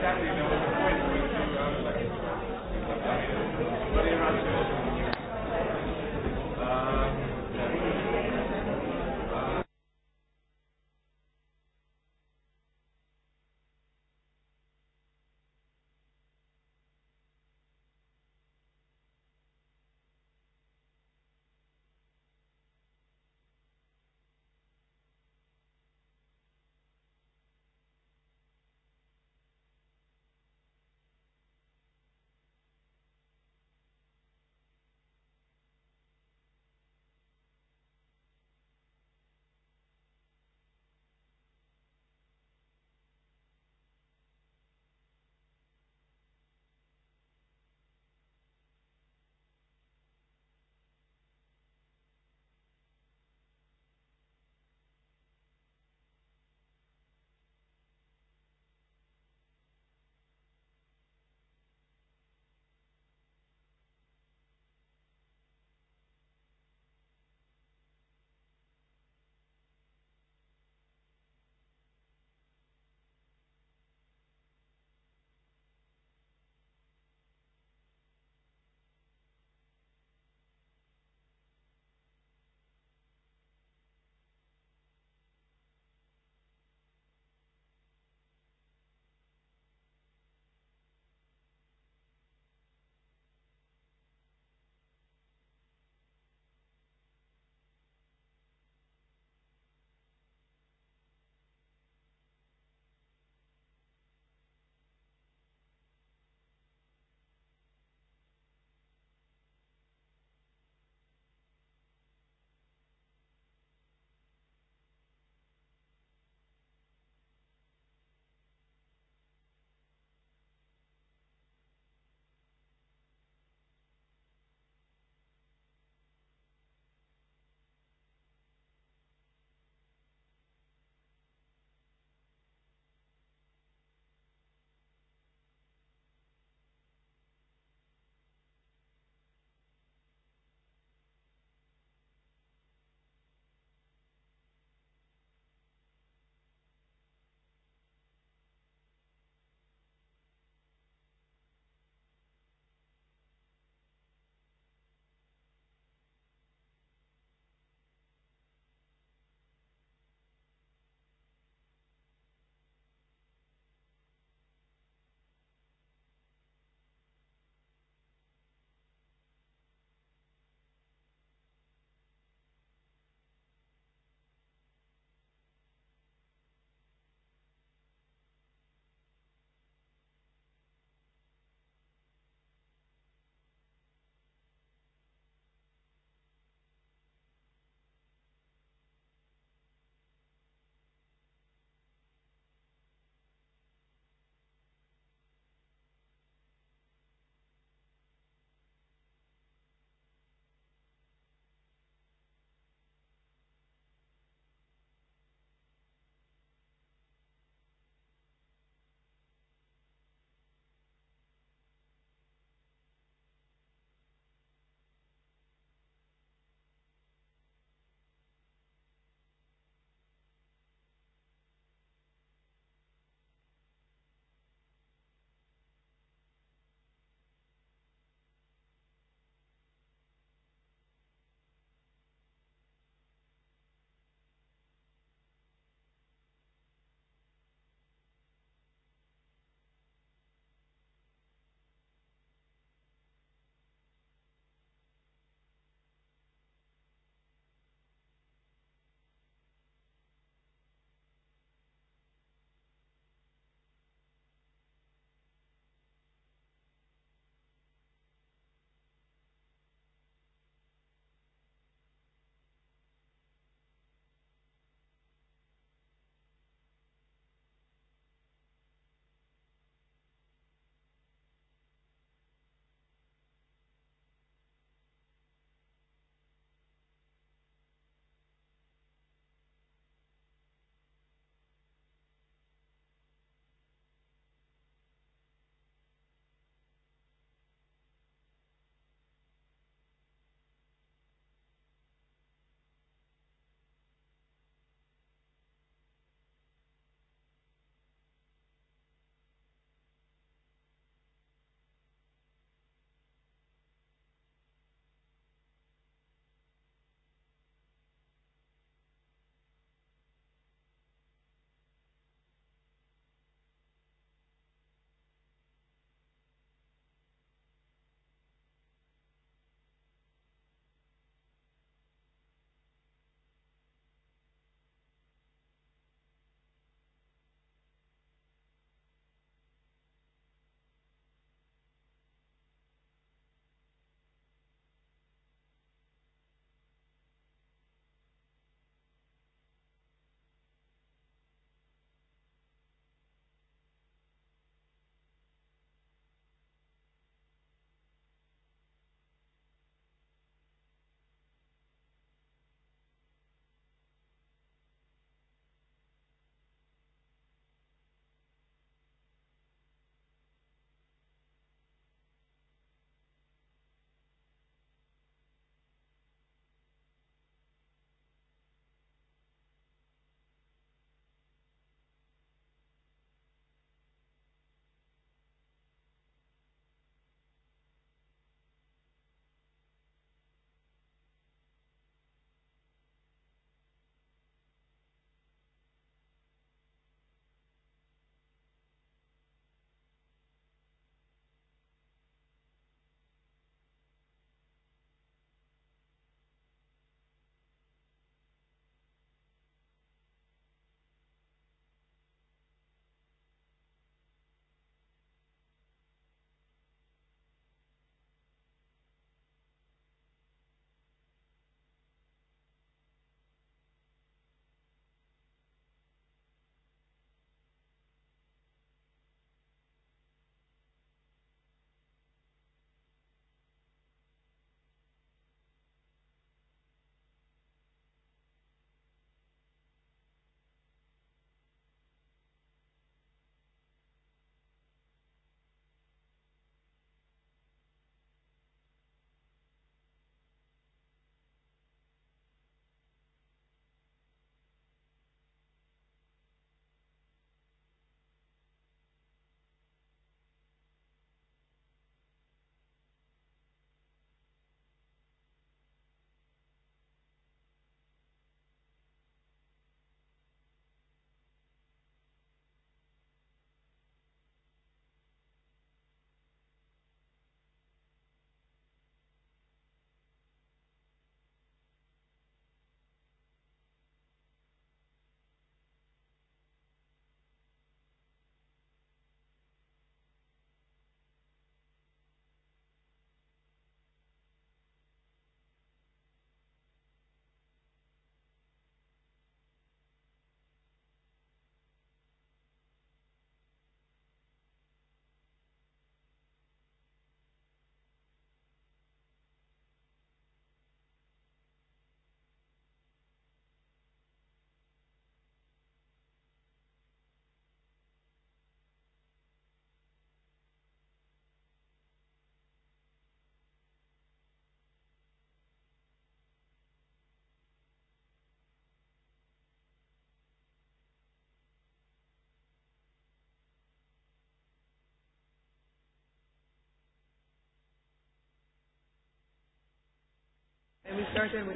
Thank you.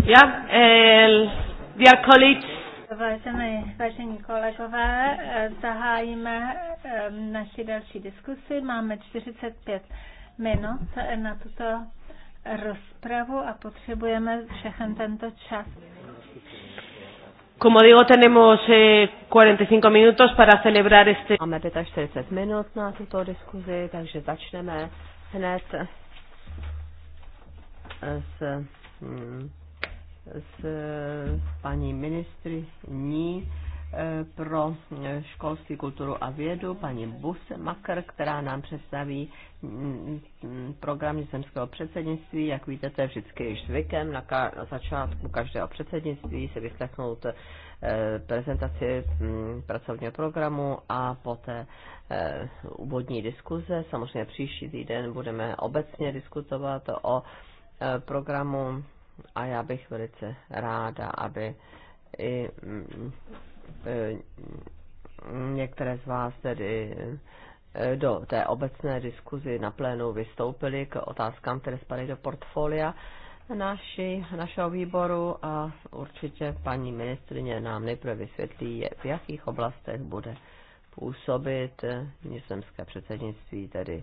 Yeah, el, dear colleagues. Vážené, vážení kolegové, zahájíme naši další diskusi. Máme 45 minut na tuto rozpravu a potřebujeme všechen tento čas. Como digo, tenemos eh, 45 minutos para celebrar este... Máme 45 minut na tuto diskuzi, takže začneme hned eh, s s paní ministriní eh, pro školství, kulturu a vědu, paní Buse Makr, která nám představí mm, mm, program zemského předsednictví. Jak víte, to je vždycky již zvykem na, ka- na začátku každého předsednictví se vyslechnout eh, prezentaci mm, pracovního programu a poté eh, úvodní diskuze. Samozřejmě příští týden budeme obecně diskutovat o Eh, programu a já bych velice ráda, aby i mm, eh, některé z vás tedy eh, do té obecné diskuzi na plénu vystoupili k otázkám, které spadají do portfolia naši, našeho výboru a určitě paní ministrině nám nejprve vysvětlí, v jakých oblastech bude působit nizozemské předsednictví, tedy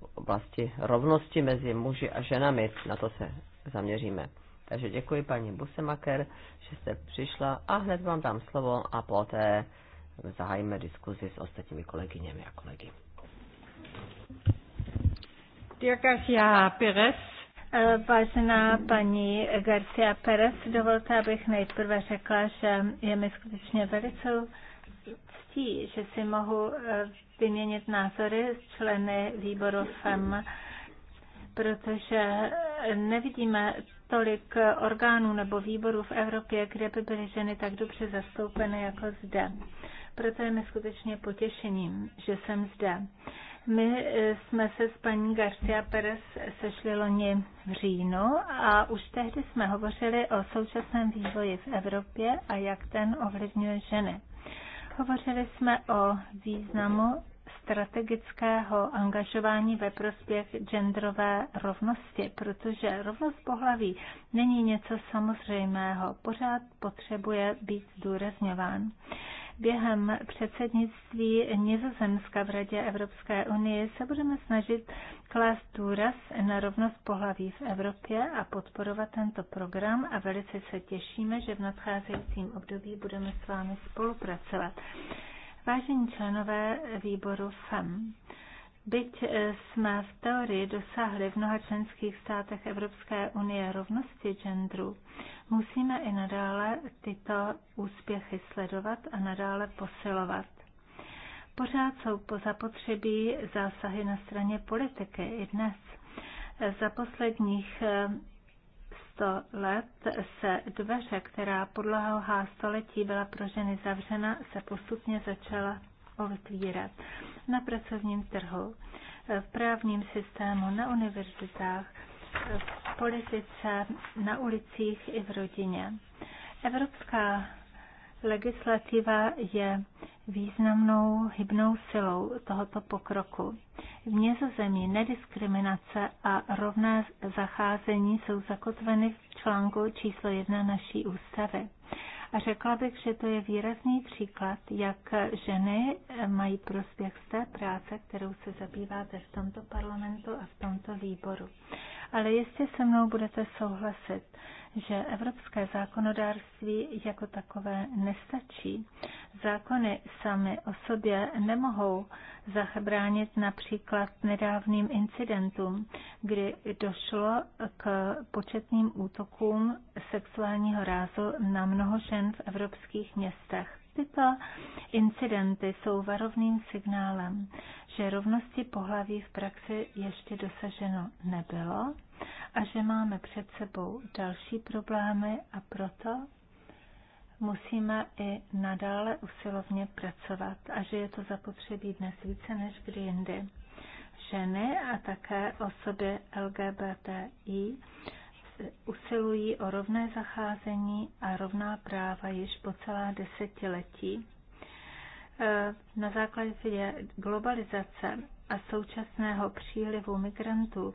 v oblasti rovnosti mezi muži a ženami. Na to se zaměříme. Takže děkuji paní Busemaker, že jste přišla a hned vám dám slovo a poté zahájíme diskuzi s ostatními kolegyněmi a kolegy. Děkuji, Garcia eh, Vážená paní Garcia Perez, dovolte, abych nejprve řekla, že je mi skutečně velice ctí, že si mohu eh, vyměnit názory s členy výboru FEM, protože eh, nevidíme tolik orgánů nebo výborů v Evropě, kde by byly ženy tak dobře zastoupeny jako zde. Proto je mi skutečně potěšením, že jsem zde. My eh, jsme se s paní Garcia Perez sešli loni v říjnu a už tehdy jsme hovořili o současném vývoji v Evropě a jak ten ovlivňuje ženy. Hovořili jsme o významu strategického angažování ve prospěch genderové rovnosti, protože rovnost pohlaví není něco samozřejmého, pořád potřebuje být zdůrazňován. Během předsednictví Nizozemska v Radě Evropské unie se budeme snažit klást důraz na rovnost pohlaví v Evropě a podporovat tento program a velice se těšíme, že v nadcházejícím období budeme s vámi spolupracovat. Vážení členové výboru FEM, Byť eh, jsme v teorii dosáhli v mnoha členských státech Evropské unie rovnosti genderu, musíme i nadále tyto úspěchy sledovat a nadále posilovat. Pořád jsou po zapotřebí zásahy na straně politiky i dnes. Eh, za posledních eh, sto let se dveře, která podlahá století byla pro ženy zavřena, se postupně začala otvírat na pracovním trhu, v právním systému, na univerzitách, v politice, na ulicích i v rodině. Evropská legislativa je významnou hybnou silou tohoto pokroku. V Nězozemí nediskriminace a rovné zacházení jsou zakotveny v článku číslo 1 naší ústavy. Řekla bych, že to je výrazný příklad, jak ženy mají prospěch z té práce, kterou se zabýváte v tomto parlamentu a v tomto výboru ale jistě se mnou budete souhlasit, že evropské zákonodárství jako takové nestačí. Zákony sami o sobě nemohou zachránit například nedávným incidentům, kdy došlo k početným útokům sexuálního rázu na mnoho žen v evropských městech tyto incidenty jsou varovným signálem, že rovnosti pohlaví v praxi ještě dosaženo nebylo a že máme před sebou další problémy a proto musíme i nadále usilovně pracovat a že je to zapotřebí dnes více než kdy jindy. Ženy a také osoby LGBTI usilují o rovné zacházení a rovná práva již po celá desetiletí. E, na základě globalizace a současného přílivu migrantů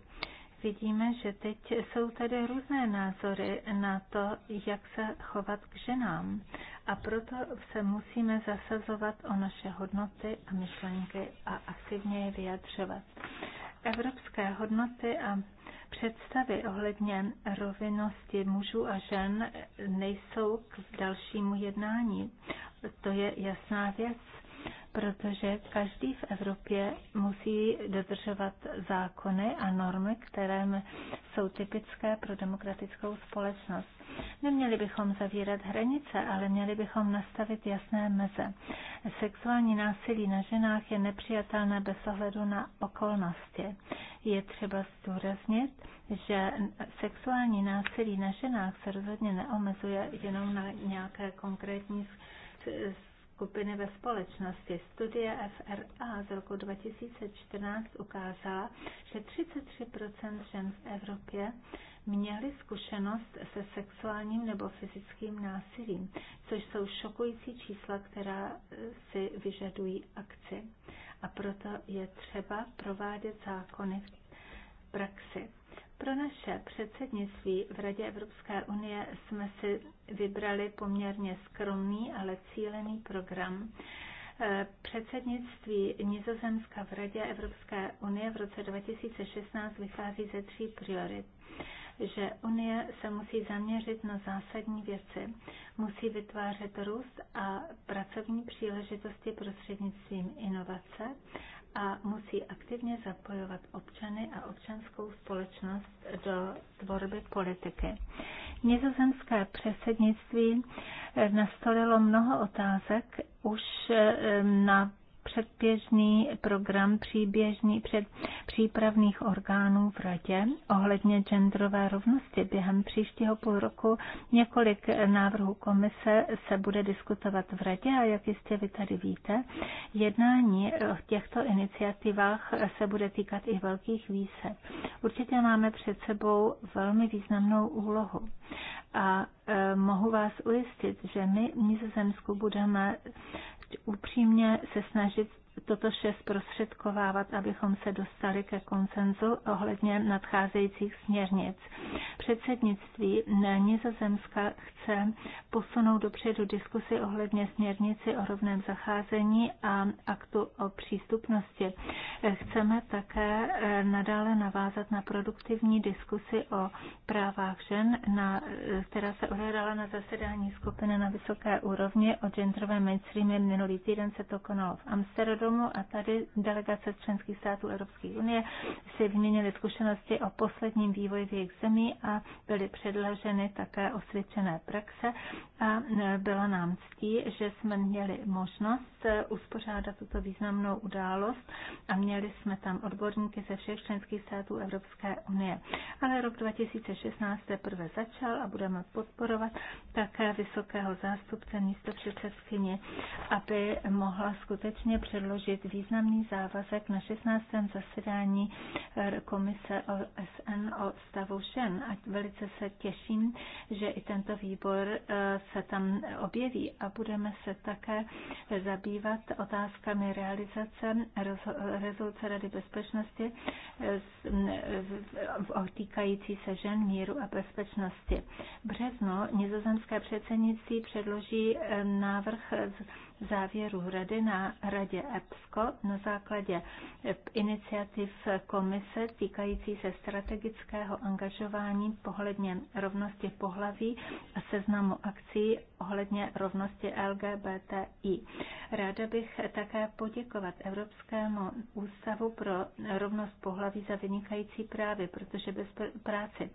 vidíme, že teď jsou tady různé názory na to, jak se chovat k ženám. A proto se musíme zasazovat o naše hodnoty a myšlenky a aktivně je vyjadřovat. Evropské hodnoty a představy ohledně rovnosti mužů a žen nejsou k dalšímu jednání. To je jasná věc protože každý v Evropě musí dodržovat zákony a normy, které jsou typické pro demokratickou společnost. Neměli bychom zavírat hranice, ale měli bychom nastavit jasné meze. Sexuální násilí na ženách je nepřijatelné bez ohledu na okolnosti. Je třeba zdůraznit, že sexuální násilí na ženách se rozhodně neomezuje jenom na nějaké konkrétní skupiny ve společnosti. Studie FRA z roku 2014 ukázala, že 33% žen v Evropě měly zkušenost se sexuálním nebo fyzickým násilím, což jsou šokující čísla, která eh, si vyžadují akci. A proto je třeba provádět zákony v praxi pro naše předsednictví v Radě Evropské unie jsme si vybrali poměrně skromný, ale cílený program. Eh, předsednictví Nizozemska v Radě Evropské unie v roce 2016 vychází ze tří priorit že Unie se musí zaměřit na zásadní věci, musí vytvářet růst a pracovní příležitosti prostřednictvím inovace a musí aktivně zapojovat občany a občanskou společnost do tvorby politiky. Nizozemské předsednictví nastolilo mnoho otázek už eh, na předběžný program příběžný před přípravných orgánů v Radě ohledně genderové rovnosti. Během příštího půl roku několik návrhů komise se bude diskutovat v Radě a jak jistě vy tady víte, jednání o těchto iniciativách se bude týkat i velkých výsev. Určitě máme před sebou velmi významnou úlohu a e, mohu vás ujistit, že my v Nizozemsku budeme Prostě upřímně se snažit toto vše zprostředkovávat, abychom se dostali ke konsenzu ohledně nadcházejících směrnic. Předsednictví Nizozemska chce posunout dopředu diskusy ohledně směrnici o rovném zacházení a aktu o přístupnosti. Chceme také eh, nadále navázat na produktivní diskusy o právách žen, na, eh, která se odehrála na zasedání skupiny na vysoké úrovni o genderovém mainstreamu. Minulý týden se to konalo v Amsterdamu domu a tady delegace z členských států Evropské unie si vyměnili zkušenosti o posledním vývoji v jejich zemí a byly předloženy také osvědčené praxe a e, bylo nám ctí, že jsme měli možnost Eh, uspořádat tuto významnou událost a měli jsme tam odborníky ze všech členských států Evropské unie. Ale rok 2016 teprve začal a budeme podporovat také vysokého zástupce místo předsedkyně, aby mohla skutečně předložit významný závazek na 16. zasedání eh, komise OSN o stavu žen. A velice se těším, že i tento výbor eh, se tam objeví a budeme se také zabývat zabývat otázkami realizace rezoluce Rady bezpečnosti týkající se žen, míru a bezpečnosti. V březnu nizozemské předsednictví předloží eh, návrh závěru rady na radě EPSCO na základě iniciativ komise týkající se strategického angažování pohledně rovnosti pohlaví a seznamu akcí ohledně rovnosti LGBTI. Ráda bych také poděkovat Evropskému ústavu pro rovnost pohlaví za vynikající právě, protože bez práci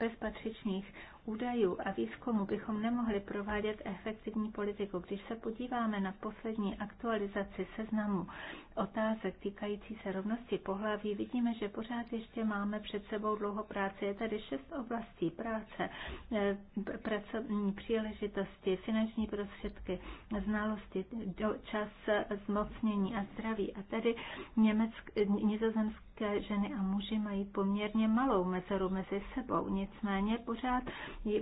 bez patřičných údajů a výzkumu bychom nemohli provádět efektivní politiku. Když se podíváme na poslední aktualizaci seznamu otázek týkající se rovnosti pohlaví, vidíme, že pořád ještě máme před sebou dlouho práce. Je tady šest oblastí práce, eh, pracovní příležitosti, finanční prostředky, znalosti, čas zmocnění a zdraví. A tady německé, nizozemské ženy a muži mají poměrně malou mezeru mezi sebou. Nicméně pořád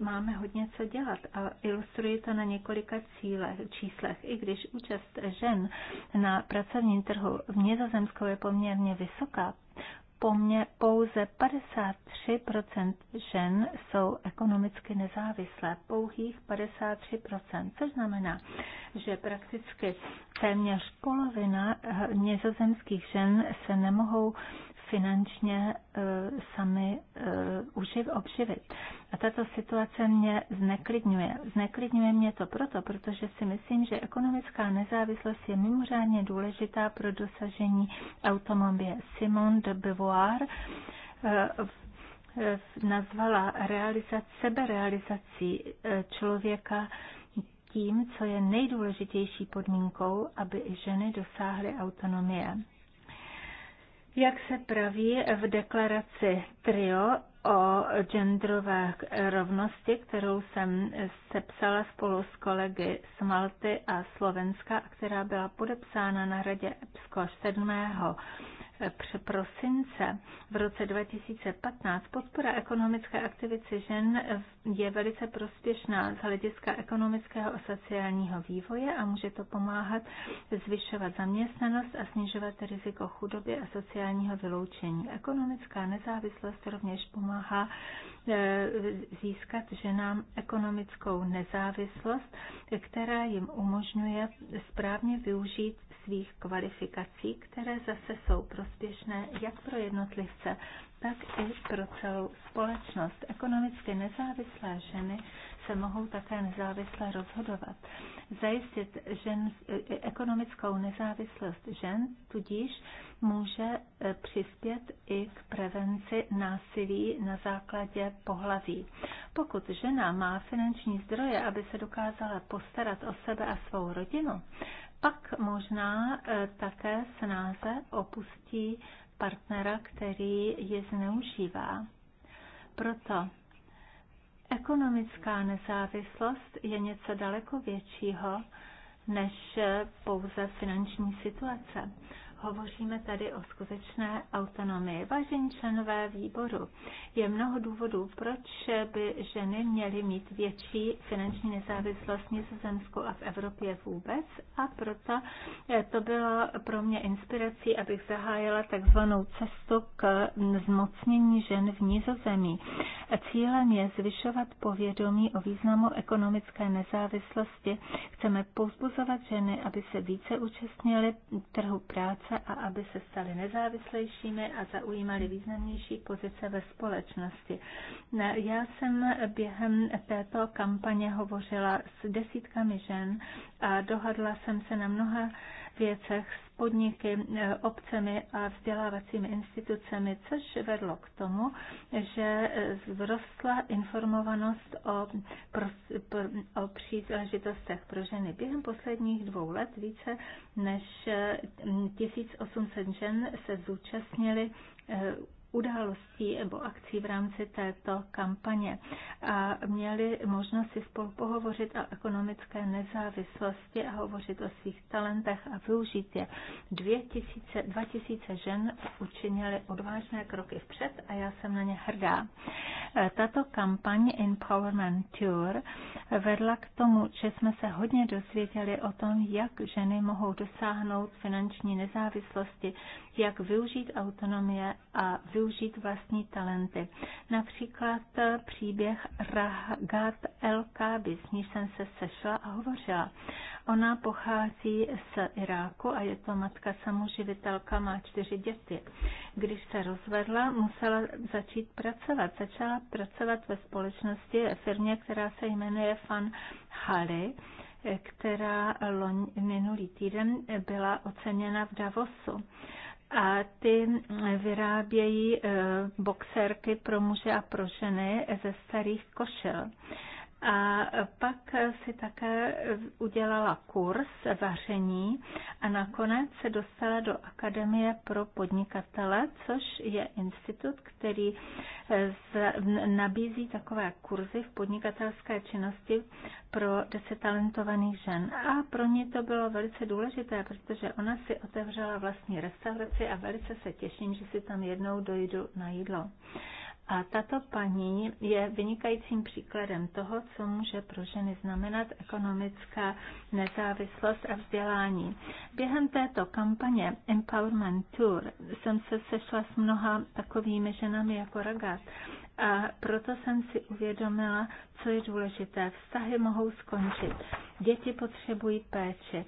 máme hodně co dělat a ilustruji to na několika cílech, číslech. I když účast žen na pracovním trhu v Nizozemsku je poměrně vysoká, pomě pouze 53% žen jsou ekonomicky nezávislé. Pouhých 53%, což znamená, že prakticky téměř polovina eh, nizozemských žen se nemohou finančně e, sami e, uživ, obživit. A tato situace mě zneklidňuje. Zneklidňuje mě to proto, protože si myslím, že ekonomická nezávislost je mimořádně důležitá pro dosažení autonomie. Simone de Beauvoir e, nazvala realizace, seberealizací člověka tím, co je nejdůležitější podmínkou, aby i ženy dosáhly autonomie. Jak se praví v deklaraci TRIO o genderové rovnosti, kterou jsem sepsala spolu s kolegy z Malty a Slovenska, která byla podepsána na Radě EPSCO 7 prosince v roce 2015 podpora ekonomické aktivity žen je velice prospěšná z hlediska ekonomického a sociálního vývoje a může to pomáhat zvyšovat zaměstnanost a snižovat riziko chudoby a sociálního vyloučení. Ekonomická nezávislost rovněž pomáhá e, získat ženám ekonomickou nezávislost, která jim umožňuje správně využít svých kvalifikací, které zase jsou prospěšné jak pro jednotlivce, tak i pro celou společnost. Ekonomicky nezávislé ženy se mohou také nezávisle rozhodovat. Zajistit žen, ekonomickou nezávislost žen tudíž může e, přispět i k prevenci násilí na základě pohlaví. Pokud žena má finanční zdroje, aby se dokázala postarat o sebe a svou rodinu, pak možná eh, také snáze opustí partnera, který je zneužívá. Proto ekonomická nezávislost je něco daleko většího než eh, pouze finanční situace. Hovoříme tady o skutečné autonomii. Vážení členové výboru, je mnoho důvodů, proč by ženy měly mít větší finanční nezávislost v Zemsku a v Evropě vůbec a proto eh, to bylo pro mě inspirací, abych zahájila takzvanou cestu k zmocnění žen v Nizozemí. Cílem je zvyšovat povědomí o významu ekonomické nezávislosti. Chceme povzbuzovat ženy, aby se více účastnili trhu práce pozice a aby se staly nezávislejšími a zaujímaly významnější pozice ve společnosti. Já jsem během této kampaně hovořila s desítkami žen a dohodla jsem se na mnoha věcech s podniky, e, obcemi a vzdělávacími institucemi, což vedlo k tomu, že vzrostla informovanost o, o příležitostech pro ženy. Během posledních dvou let více než 1800 žen se zúčastnili e, událostí nebo akcí v rámci této kampaně a měli možnost si spolu pohovořit o ekonomické nezávislosti a hovořit o svých talentech a využít je. Dvě tisíce, dva tisíce žen učinili odvážné kroky vpřed a já jsem na ně hrdá. E, tato kampaň Empowerment Tour vedla k tomu, že jsme se hodně dozvěděli o tom, jak ženy mohou dosáhnout finanční nezávislosti, jak využít autonomie a využít využít vlastní talenty. Například eh, příběh Rahgat El s níž jsem se sešla a hovořila. Ona pochází z Iráku a je to matka samoživitelka, má čtyři děti. Když se rozvedla, musela začít pracovat. Začala pracovat ve společnosti, firmě, která se jmenuje Fan Hali eh, která loň, minulý týden byla oceněna v Davosu a ty eh, vyrábějí eh, boxerky pro muže a pro ženy ze starých košel. A pak si také udělala kurz vaření a nakonec se dostala do Akademie pro podnikatele, což je institut, který eh, nabízí takové kurzy v podnikatelské činnosti pro desetalentovaných žen. A pro ně to bylo velice důležité, protože ona si otevřela vlastní restauraci a velice se těším, že si tam jednou dojdu na jídlo. A tato paní je vynikajícím příkladem toho, co může pro ženy znamenat ekonomická nezávislost a vzdělání. Během této kampaně Empowerment Tour jsem se sešla s mnoha takovými ženami jako Ragat a proto jsem si uvědomila, co je důležité. Vztahy mohou skončit. Děti potřebují péče.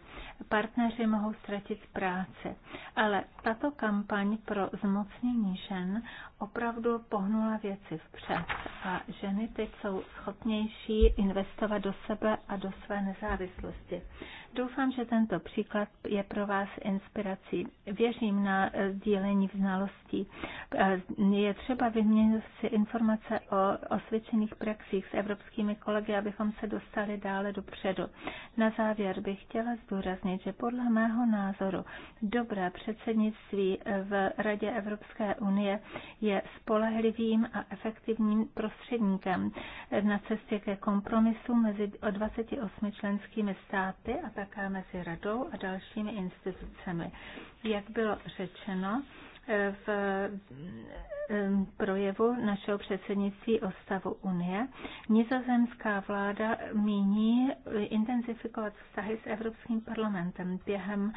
Partneři mohou ztratit práce. Ale tato kampaň pro zmocnění žen opravdu pohnula věci vpřed. A ženy teď jsou schopnější investovat do sebe a do své nezávislosti. Doufám, že tento příklad je pro vás inspirací. Věřím na sdílení znalostí. Je třeba vyměnit si informace informace o osvědčených praxích s evropskými kolegy, abychom se dostali dále dopředu. Na závěr bych chtěla zdůraznit, že podle mého názoru dobré předsednictví v Radě Evropské unie je spolehlivým a efektivním prostředníkem na cestě ke kompromisu mezi 28 členskými státy a také mezi radou a dalšími institucemi. Jak bylo řečeno, Eh, v eh, projevu našeho předsednictví o stavu Unie. Nizozemská vláda míní intenzifikovat vztahy s Evropským parlamentem během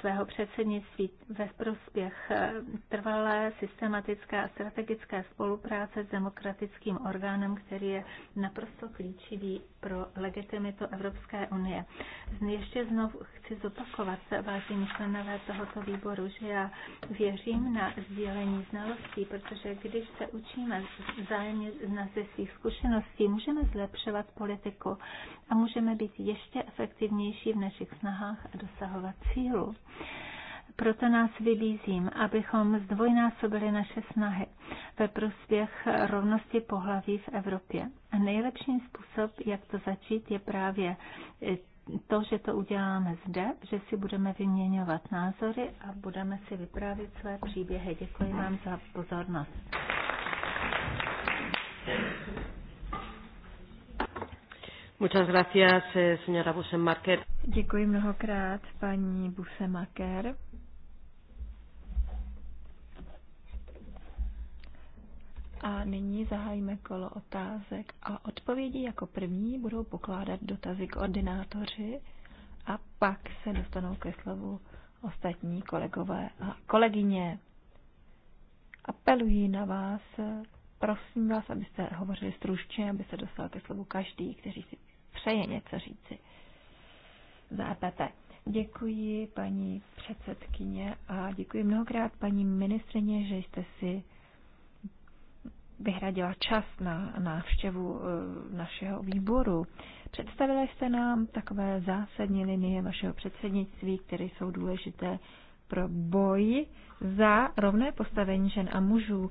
svého předsednictví ve prospěch eh, trvalé, systematické a strategické spolupráce s demokratickým orgánem, který je naprosto klíčivý pro legitimitu Evropské unie. Ještě znovu chci zopakovat, vážení členové tohoto výboru, že já věřím na sdílení znalostí, protože když se učíme vzájemně na ze svých zkušeností, můžeme zlepšovat politiku a můžeme být ještě efektivnější v našich snahách a dosahovat cílu. Proto nás vybízím, abychom zdvojnásobili naše snahy ve prospěch rovnosti pohlaví v Evropě. A nejlepší způsob, jak to začít, je právě eh, to, že to uděláme zde, že si budeme vyměňovat názory a budeme si vyprávět své příběhy. Děkuji vám za pozornost. Muchas gracias, eh, señora Busenmarker. Děkuji mnohokrát, paní Busemaker. A nyní zahájíme kolo otázek a odpovědi jako první budou pokládat dotazy ordinátoři a pak se dostanou ke slovu ostatní kolegové a kolegyně. Apeluji na vás, prosím vás, abyste hovořili stručně, aby se dostal ke slovu každý, kteří si přeje něco říci. ZPP. E děkuji, paní předsedkyně, a děkuji mnohokrát, paní ministrině, že jste si vyhradila čas na návštěvu eh, našeho výboru. Představila jste nám takové zásadní linie vašeho předsednictví, které jsou důležité pro boj za rovné postavení žen a mužů.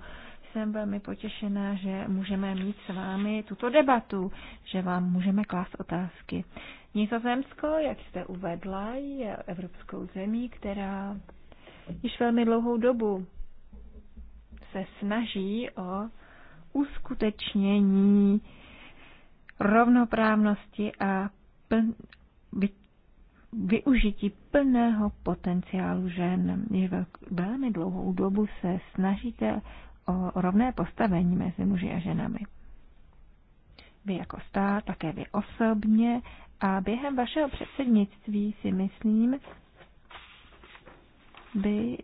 Jsem velmi potěšená, že můžeme mít s vámi tuto debatu, že vám můžeme klást otázky. Nizozemsko, jak jste uvedla, je evropskou zemí, která již velmi dlouhou dobu se snaží o uskutečnění rovnoprávnosti a pln, vy, využití plného potenciálu žen. Již velmi dlouhou dobu se snažíte o rovné postavení mezi muži a ženami. Vy jako stát, také vy osobně a během vašeho předsednictví si myslím, by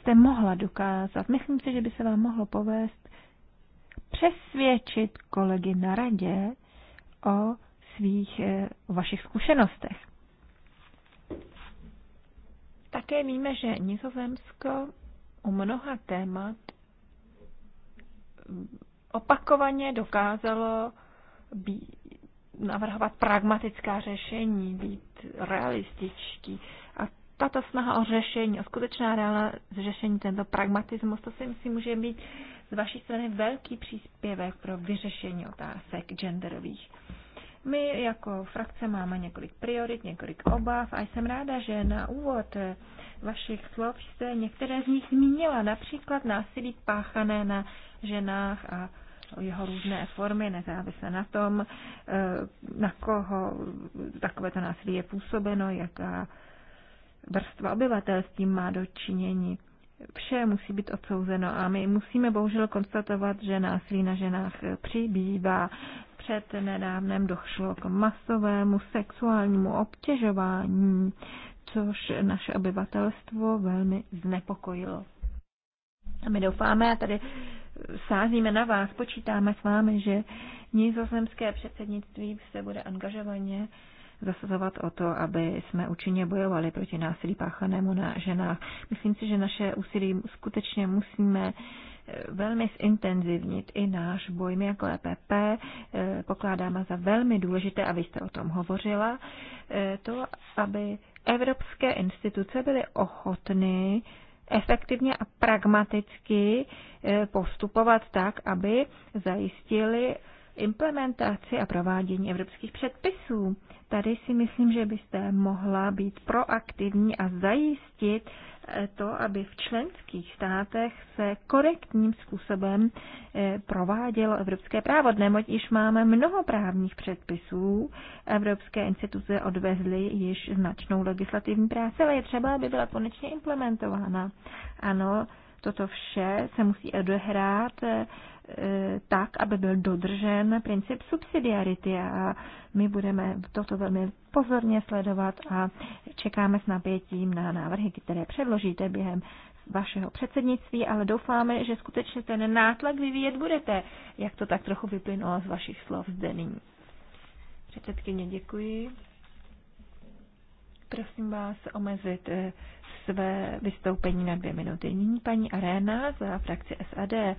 jste mohla dokázat. Myslím si, že by se vám mohlo povést přesvědčit kolegy na radě o svých, eh, o vašich zkušenostech. Také víme, že Nizozemsko u mnoha témat opakovaně dokázalo být, navrhovat pragmatická řešení, být realističtí. A tato snaha o řešení, o skutečná reálná řešení, tento pragmatismus, to si myslím, může být z vaší strany velký příspěvek pro vyřešení otázek genderových. My jako frakce máme několik priorit, několik obav a jsem ráda, že na úvod vašich slov jste některé z nich zmínila, například násilí páchané na ženách a jeho různé formy, nezávisle na tom, eh, na koho takovéto násilí je působeno, jaká vrstva obyvatelství má dočinění. Vše musí být odsouzeno a my musíme bohužel konstatovat, že násilí na ženách přibývá. Před nedávnem došlo k masovému sexuálnímu obtěžování, což naše obyvatelstvo velmi znepokojilo. A my doufáme a tady sázíme na vás, počítáme s vámi, že nizozemské předsednictví se bude angažovaně zasazovat o to, aby jsme účinně bojovali proti násilí páchanému na ženách. Myslím si, že naše úsilí skutečně musíme eh, velmi zintenzivnit i náš boj. My jako EPP eh, pokládáme za velmi důležité, a vy jste o tom hovořila, eh, to, aby evropské instituce byly ochotny efektivně a pragmaticky postupovat tak, aby zajistili implementaci a provádění evropských předpisů. Tady si myslím, že byste mohla být proaktivní a zajistit eh, to, aby v členských státech se korektním způsobem eh, provádělo evropské právo. Neboť již máme mnoho právních předpisů, evropské instituce odvezly již značnou legislativní práci, ale je třeba, aby byla konečně implementována. Ano, Toto vše se musí odehrát e, tak, aby byl dodržen princip subsidiarity a my budeme toto velmi pozorně sledovat a čekáme s napětím na návrhy, které předložíte během vašeho předsednictví, ale doufáme, že skutečně ten nátlak vyvíjet budete, jak to tak trochu vyplynulo z vašich slov zde nyní. Předsedkyně, děkuji. Prosím vás omezit eh, své vystoupení na dvě minuty. Nyní paní Arena za frakci SAD.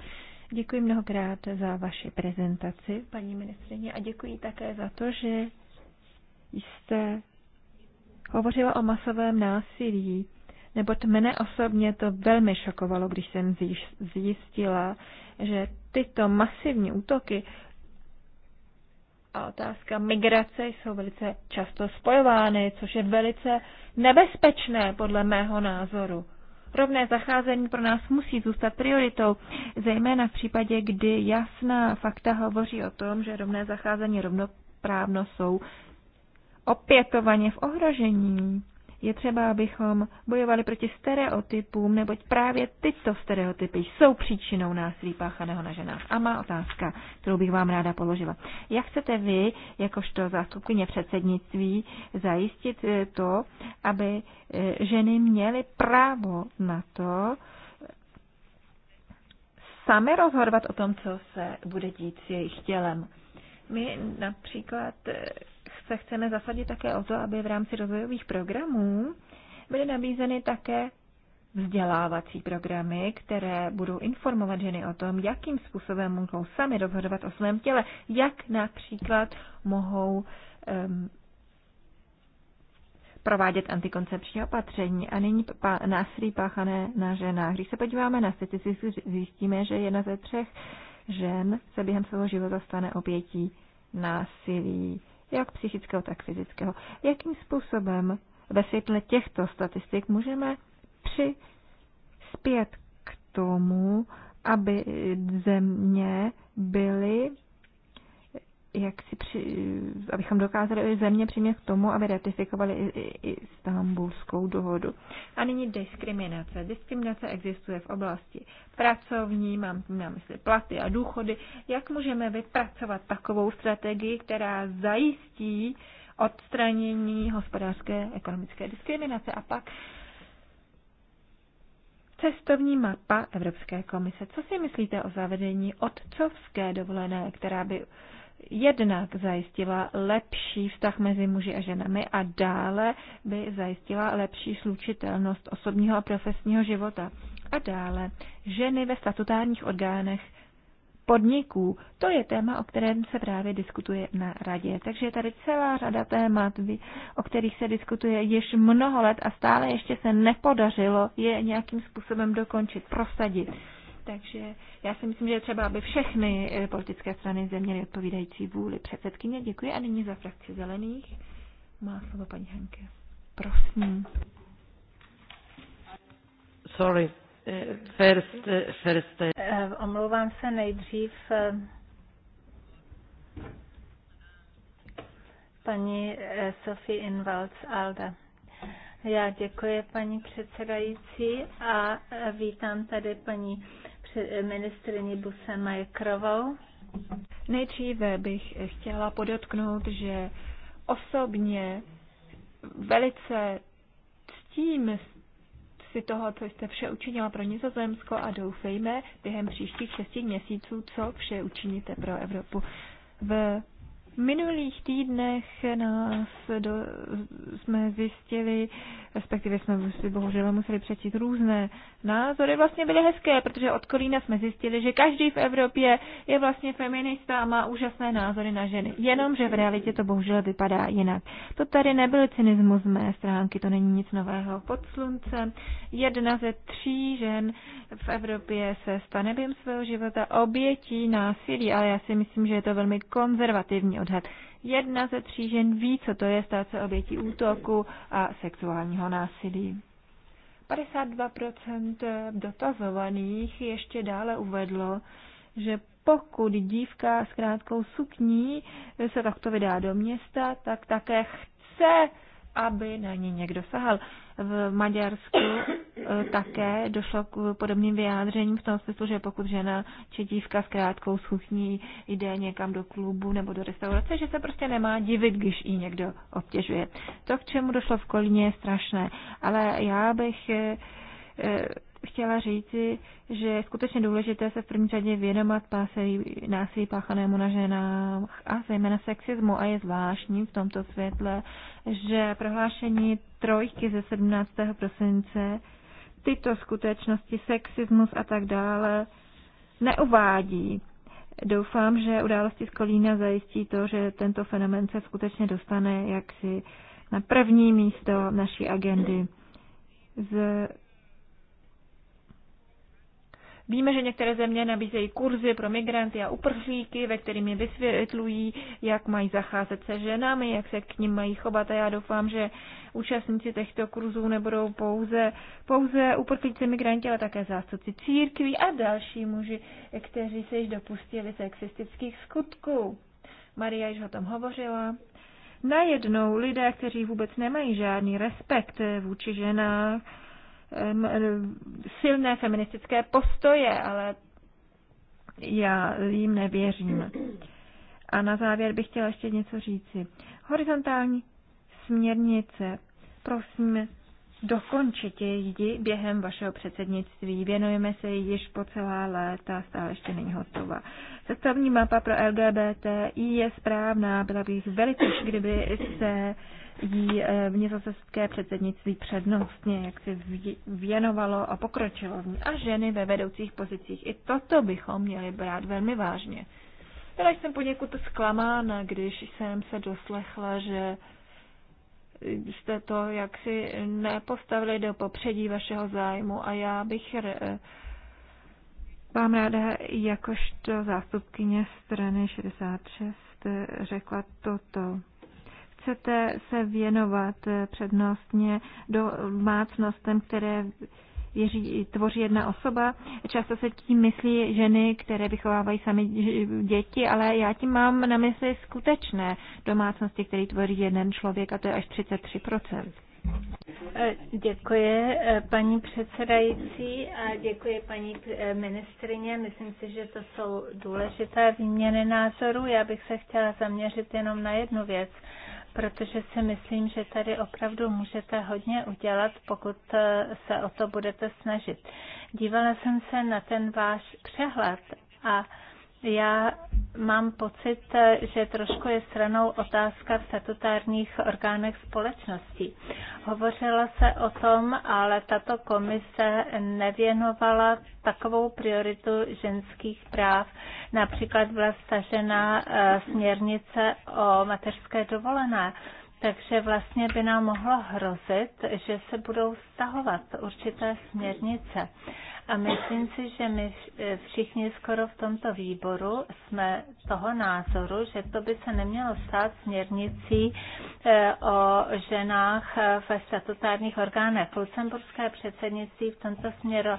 Děkuji mnohokrát za vaši prezentaci, paní ministrině, a děkuji také za to, že jste hovořila o masovém násilí, neboť mne osobně to velmi šokovalo, když jsem zjistila, že tyto masivní útoky a otázka migrace jsou velice často spojovány, což je velice nebezpečné podle mého názoru. Rovné zacházení pro nás musí zůstat prioritou, zejména v případě, kdy jasná fakta hovoří o tom, že rovné zacházení rovnoprávno jsou opětovaně v ohrožení. Je třeba, abychom bojovali proti stereotypům, neboť právě tyto stereotypy jsou příčinou násilí páchaného na ženách. A má otázka, kterou bych vám ráda položila. Jak chcete vy, jakožto zástupkyně předsednictví, zajistit eh, to, aby eh, ženy měly právo na to, sami rozhodovat o tom, co se bude dít s jejich tělem. My například eh, se chceme zasadit také o to, aby v rámci rozvojových programů byly nabízeny také vzdělávací programy, které budou informovat ženy o tom, jakým způsobem mohou sami rozhodovat o svém těle, jak například mohou um, provádět antikoncepční opatření. A nyní pá, násilí páchané na ženách. Když se podíváme na statistiky, zjistíme, že jedna ze třech žen se během svého života stane obětí násilí jak psychického, tak fyzického. Jakým způsobem ve světle těchto statistik můžeme přispět k tomu, aby země byly jak si při, abychom dokázali země přimět k tomu, aby ratifikovali i, i, i stambulskou dohodu. A nyní diskriminace. Diskriminace existuje v oblasti pracovní, mám tím na mysli platy a důchody. Jak můžeme vypracovat takovou strategii, která zajistí odstranění hospodářské ekonomické diskriminace a pak cestovní mapa Evropské komise. Co si myslíte o zavedení otcovské dovolené, která by jednak zajistila lepší vztah mezi muži a ženami a dále by zajistila lepší slučitelnost osobního a profesního života. A dále ženy ve statutárních orgánech podniků. To je téma, o kterém se právě diskutuje na radě. Takže je tady celá řada témat, o kterých se diskutuje již mnoho let a stále ještě se nepodařilo je nějakým způsobem dokončit, prosadit. Takže já si myslím, že je třeba, aby všechny eh, politické strany země měly odpovídající vůli. Předsedkyně, děkuji. A nyní za frakci zelených má slovo paní Henke. Prosím. Sorry. Eh, first, eh, first. Omlouvám se nejdřív paní Sophie Invalds Alda. Já děkuji paní předsedající a vítám tady paní ministrině Buse Majkrovou. Nejdříve bych chtěla podotknout, že osobně velice ctím si toho, co jste vše učinila pro Nizozemsko a doufejme během příštích šesti měsíců, co vše učiníte pro Evropu. V minulých týdnech nás do, jsme zjistili, respektive jsme si bohužel museli přečíst různé názory, vlastně byly hezké, protože od Kolína jsme zjistili, že každý v Evropě je vlastně feminista a má úžasné názory na ženy. Jenomže v realitě to bohužel vypadá jinak. To tady nebyl cynismus z mé stránky, to není nic nového pod sluncem. Jedna ze tří žen v Evropě se stane během svého života obětí násilí, ale já si myslím, že je to velmi konzervativní odhad odhad. Jedna ze tří žen ví, co to je stát se obětí útoku a sexuálního násilí. 52% dotazovaných ještě dále uvedlo, že pokud dívka s krátkou sukní se takto vydá do města, tak také chce, aby na ní někdo sahal v Maďarsku eh, také došlo k podobným vyjádřením v tom smyslu, že pokud žena či dívka s krátkou schutní jde někam do klubu nebo do restaurace, že se prostě nemá divit, když ji někdo obtěžuje. To, k čemu došlo v Kolíně, je strašné. Ale já bych eh, eh, chtěla říci, že je skutečně důležité se v první řadě vědomat pásilí, násilí páchanému na ženách a zejména sexismu a je zvláštní v tomto světle, že prohlášení trojky ze 17. prosince tyto skutečnosti, sexismus a tak dále neuvádí. Doufám, že události z Kolína zajistí to, že tento fenomen se skutečně dostane jaksi na první místo naší agendy. Z Víme, že některé země nabízejí kurzy pro migranty a uprchlíky, ve je vysvětlují, jak mají zacházet se ženami, jak se k ním mají chovat a já doufám, že účastníci těchto kurzů nebudou pouze, pouze uprchlíci migranti, ale také zástupci církví a další muži, kteří se již dopustili sexistických skutků. Maria již o tom hovořila. Najednou lidé, kteří vůbec nemají žádný respekt vůči ženách, silné feministické postoje, ale já jim nevěřím. A na závěr bych chtěla ještě něco říci. Horizontální směrnice, prosím, dokončitě jdi během vašeho předsednictví. Věnujeme se jí již po celá léta, stále ještě není hotová. Sestavní mapa pro LGBTI je správná, byla bych velice, kdyby se jí eh, nizozemské předsednictví přednostně jak se věnovalo a pokročilo v ní. A ženy ve vedoucích pozicích. I toto bychom měli brát velmi vážně. Teda jsem poněkud zklamána, když jsem se doslechla, že jste to jaksi nepostavili do popředí vašeho zájmu a já bych eh, vám ráda jakožto zástupkyně strany 66 řekla toto chcete se věnovat přednostně do mácnostem, které věří, tvoří jedna osoba. Často se tím myslí ženy, které vychovávají sami děti, ale já tím mám na mysli skutečné domácnosti, které tvoří jeden člověk a to je až 33%. E, děkuji e, paní předsedající a děkuji paní e, ministrině. Myslím si, že to jsou důležité výměny názorů. Já bych se chtěla zaměřit jenom na jednu věc protože si myslím, že tady opravdu můžete hodně udělat, pokud eh, se o to budete snažit. Dívala jsem se na ten váš přehled a já Mám pocit, že trošku je stranou otázka v statutárních orgánech společnosti. Hovořilo se o tom, ale tato komise nevěnovala takovou prioritu ženských práv. Například byla stažena eh, směrnice o mateřské dovolené takže vlastně by nám mohlo hrozit, že se budou stahovat určité směrnice. A myslím si, že my všichni skoro v tomto výboru jsme toho názoru, že to by se nemělo stát směrnicí eh, o ženách ve statutárních orgánech. Lucemburské předsednictví v tomto směru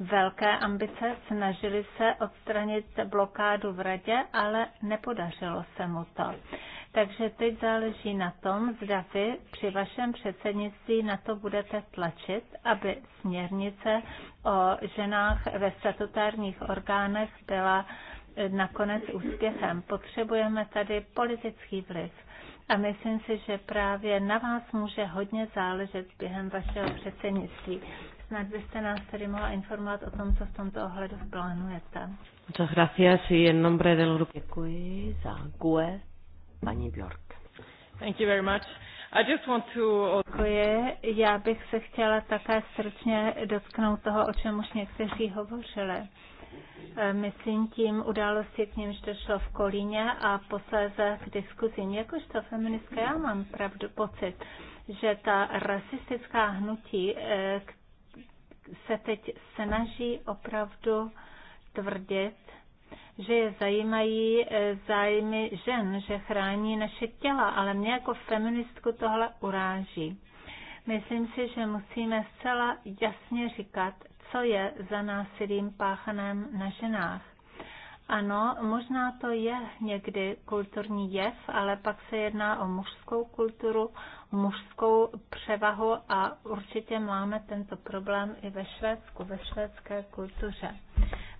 velké ambice, snažili se odstranit blokádu v radě, ale nepodařilo se mu to. Takže teď záleží na tom, zda vy při vašem předsednictví na to budete tlačit, aby směrnice o ženách ve statutárních orgánech byla eh, nakonec úspěchem. Potřebujeme tady politický vliv. A myslím si, že právě na vás může hodně záležet během vašeho předsednictví. Snad byste nás tedy mohla informovat o tom, co v tomto ohledu plánujete. Muchas gracias y en nombre del grupo. Děkuji za GUE paní Bjork. Thank you very much. I just want to... Děkuji. Já bych se chtěla také srdečně dotknout toho, o čem už někteří hovořili. E, myslím tím události, k nímž došlo v Kolíně a posléze k diskuzím. Jakožto feministka já mám pravdu pocit, že ta rasistická hnutí e, se teď snaží opravdu tvrdit, že je zajímají eh, zájmy žen, že chrání naše těla, ale mě jako feministku tohle uráží. Myslím si, že musíme zcela jasně říkat, co je za násilím páchaném na ženách. Ano, možná to je někdy kulturní jev, ale pak se jedná o mužskou kulturu, mužskou převahu a určitě máme tento problém i ve Švédsku, ve švédské kultuře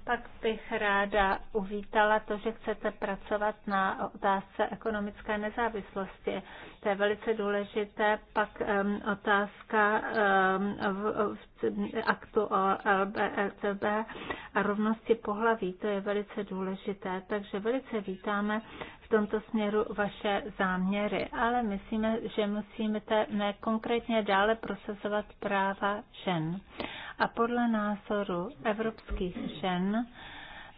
pak bych ráda uvítala to, že chcete pracovat na otázce ekonomické nezávislosti. To je velice důležité. Pak um, otázka um, aktu o LBLTB e a rovnosti pohlaví. To je velice důležité. Takže velice vítáme v tomto směru vaše záměry. Ale myslíme, že musíme konkrétně dále prosazovat práva žen a podle názoru evropských žen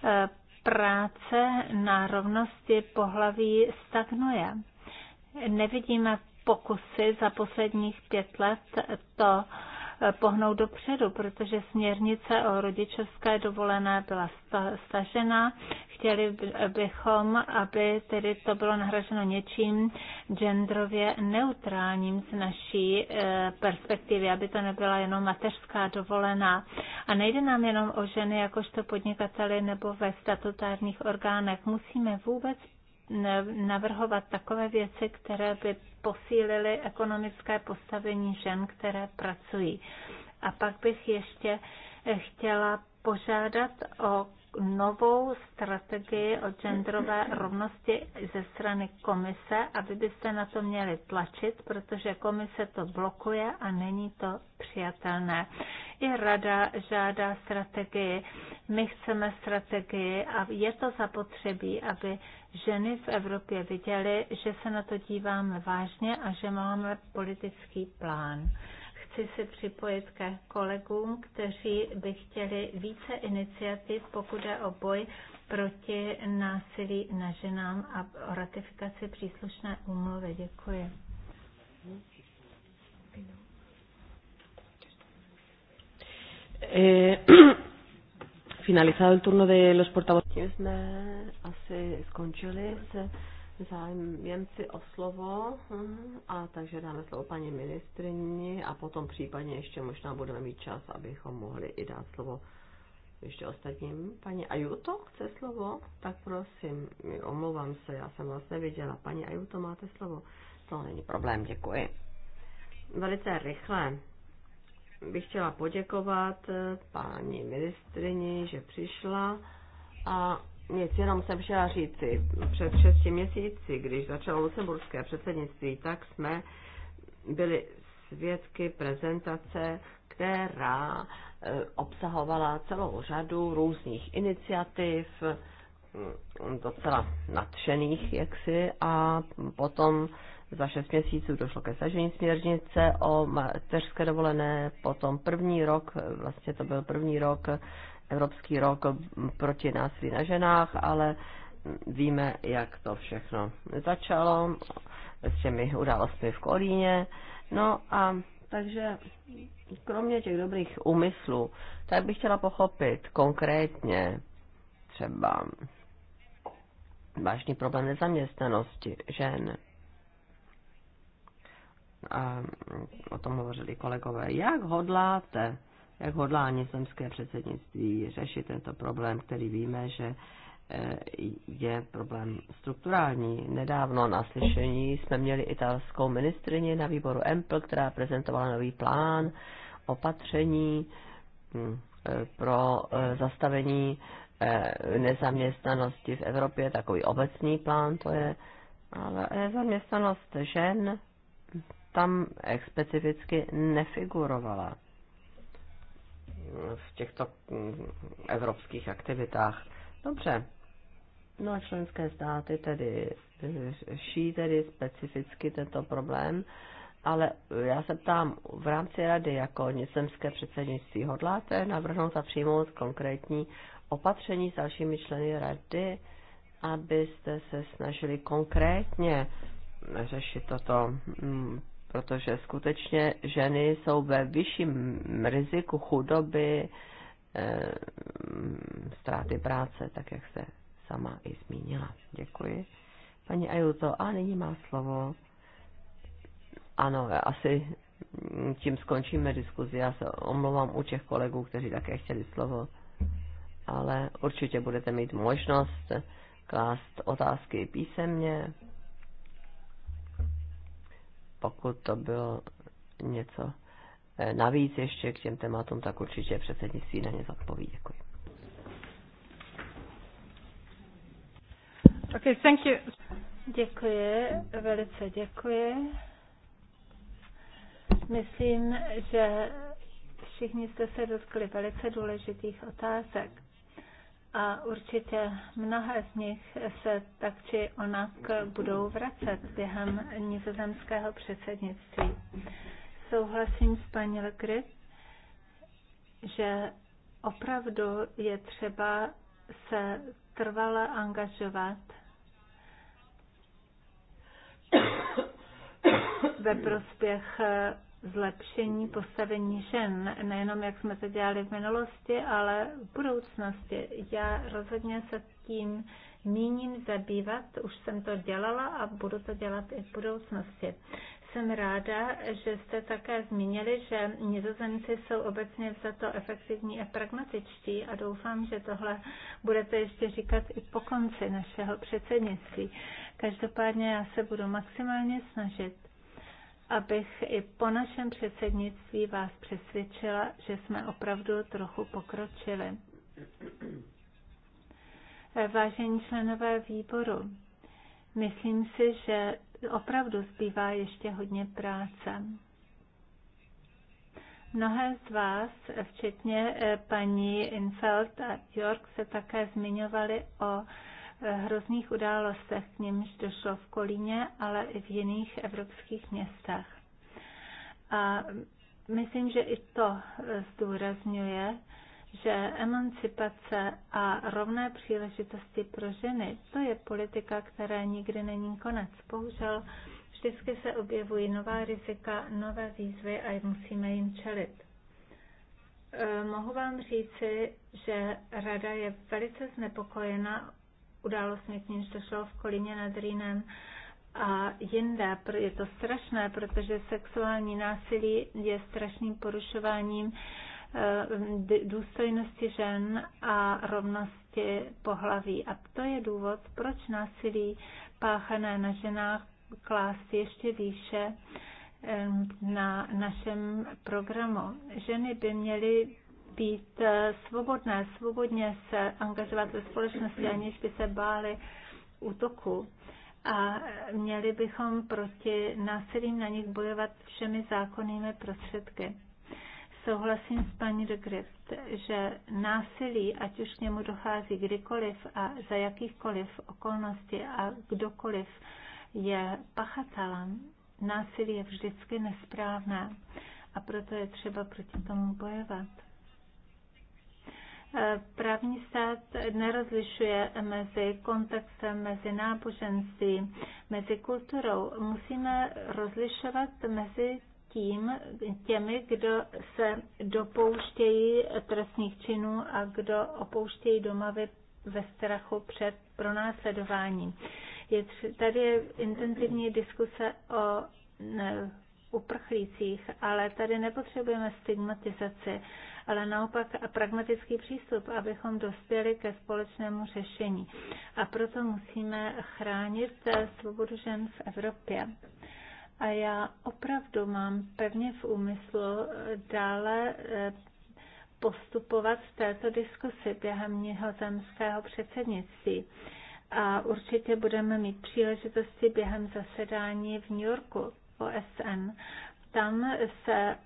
eh, práce na rovnosti pohlaví stagnuje. Nevidíme pokusy za posledních pět let to pohnout dopředu, protože směrnice o rodičovské dovolené byla stažena. Chtěli bychom, aby tedy to bylo nahraženo něčím genderově neutrálním z naší eh, perspektivy, aby to nebyla jenom mateřská dovolená. A nejde nám jenom o ženy jakožto podnikateli nebo ve statutárních orgánech. Musíme vůbec navrhovat takové věci, které by posílily ekonomické postavení žen, které pracují. A pak bych ještě chtěla požádat o novou strategii o genderové rovnosti ze strany komise, aby byste na to měli tlačit, protože komise to blokuje a není to přijatelné. I rada žádá strategii, my chceme strategii a je to zapotřebí, aby ženy v Evropě viděly, že se na to díváme vážně a že máme politický plán chci se připojit ke kolegům, kteří by chtěli více iniciativ, pokud je o boj proti násilí na ženám a o ratifikaci příslušné úmluvy. Děkuji. Eh, finalizado el turno de los portavoces. asi skončili se zájemci o slovo, a takže dáme slovo paní ministrini a potom případně ještě možná budeme mít čas, abychom mohli i dát slovo ještě ostatním. Paní Ajuto chce slovo? Tak prosím, omlouvám se, já jsem vás neviděla. Paní Ajuto, máte slovo? To není problém, děkuji. Velice rychle bych chtěla poděkovat eh, paní ministrini, že přišla a nic, jenom jsem chtěla říci, před šesti měsíci, když začalo lucemburské předsednictví, tak jsme byli svědky prezentace, která eh, obsahovala celou řadu různých iniciativ, hm, docela nadšených jaksi a potom za šest měsíců došlo ke stažení směrnice o mateřské dovolené, potom první rok, vlastně to byl první rok Evropský rok proti násilí na ženách, ale víme, jak to všechno začalo s těmi událostmi v Kolíně. No a takže kromě těch dobrých úmyslů, tak bych chtěla pochopit konkrétně třeba vážný problém nezaměstnanosti žen. A o tom hovořili kolegové. Jak hodláte jak hodlá nizozemské předsednictví řešit tento problém, který víme, že eh, je problém strukturální. Nedávno na slyšení jsme měli italskou ministrině na výboru EMPL, která prezentovala nový plán opatření hm, eh, pro eh, zastavení nezaměstnanosti v Evropě, takový obecný plán to je, ale nezaměstnanost žen tam specificky nefigurovala v těchto mm, evropských aktivitách. Dobře. No a členské státy tedy ší tedy specificky tento problém, ale já se ptám, v rámci rady jako nicemské předsednictví hodláte navrhnout a přijmout konkrétní opatření s dalšími členy rady, abyste se snažili konkrétně řešit toto mm, protože skutečně ženy jsou ve vyšším riziku chudoby, eh, ztráty práce, tak jak se sama i zmínila. Děkuji. Paní Ajuto, a nyní má slovo. Ano, asi tím skončíme diskuzi. Já se omlouvám u těch kolegů, kteří také chtěli slovo, ale určitě budete mít možnost klást otázky písemně pokud to bylo něco eh, navíc ještě k těm tématům, tak určitě předsednictví na ně zodpoví. Děkuji. Okay, thank you. Děkuji, velice děkuji. Myslím, že všichni jste se dotkli velice důležitých otázek a určitě mnohé z nich se tak či onak budou vracet během nizozemského předsednictví. Souhlasím s paní Lekry, že opravdu je třeba se trvale angažovat ve prospěch zlepšení postavení žen, nejenom jak jsme to dělali v minulosti, ale v budoucnosti. Já rozhodně se tím míním zabývat, už jsem to dělala a budu to dělat i v budoucnosti. Jsem ráda, že jste také zmínili, že nizozemci jsou obecně za to efektivní a pragmatičtí a doufám, že tohle budete ještě říkat i po konci našeho předsednictví. Každopádně já se budu maximálně snažit abych i po našem předsednictví vás přesvědčila, že jsme opravdu trochu pokročili. Vážení členové výboru, myslím si, že opravdu zbývá ještě hodně práce. Mnohé z vás, včetně eh, paní Infeld a York, se také zmiňovali o hrozných událostech, k nimž došlo v Kolíně, ale i v jiných evropských městech. A myslím, že i to zdůrazňuje, že emancipace a rovné příležitosti pro ženy, to je politika, která nikdy není konec. Bohužel vždycky se objevují nová rizika, nové výzvy a musíme jim čelit. E, mohu vám říci, že Rada je velice znepokojena událostně k nímž došlo v Kolíně nad Rýnem a jinde. Je to strašné, protože sexuální násilí je strašným porušováním eh, důstojnosti žen a rovnosti pohlaví. A to je důvod, proč násilí páchané na ženách klást ještě výše eh, na našem programu. Ženy by měly být eh, svobodné, svobodně se angažovat ve společnosti, aniž by se báli útoku. A měli bychom proti násilím na nich bojovat všemi zákonnými prostředky. Souhlasím s paní de Grift, že násilí, ať už k němu dochází kdykoliv a za jakýchkoliv okolností a kdokoliv je pachatelem, násilí je vždycky nesprávné a proto je třeba proti tomu bojovat. Právní stát nerozlišuje mezi kontextem, mezi náboženstvím, mezi kulturou. Musíme rozlišovat mezi tím, těmi, kdo se dopouštějí trestných činů a kdo opouštějí domovy ve strachu před pronásledováním. Je, tady je intenzivní diskuse o ne, uprchlících, ale tady nepotřebujeme stigmatizaci ale naopak pragmatický přístup, abychom dospěli ke společnému řešení. A proto musíme chránit eh, svobodu žen v Evropě. A já opravdu mám pevně v úmyslu eh, dále eh, postupovat v této diskusi během nizozemského předsednictví. A určitě budeme mít příležitosti během zasedání v New Yorku OSN. Tam se,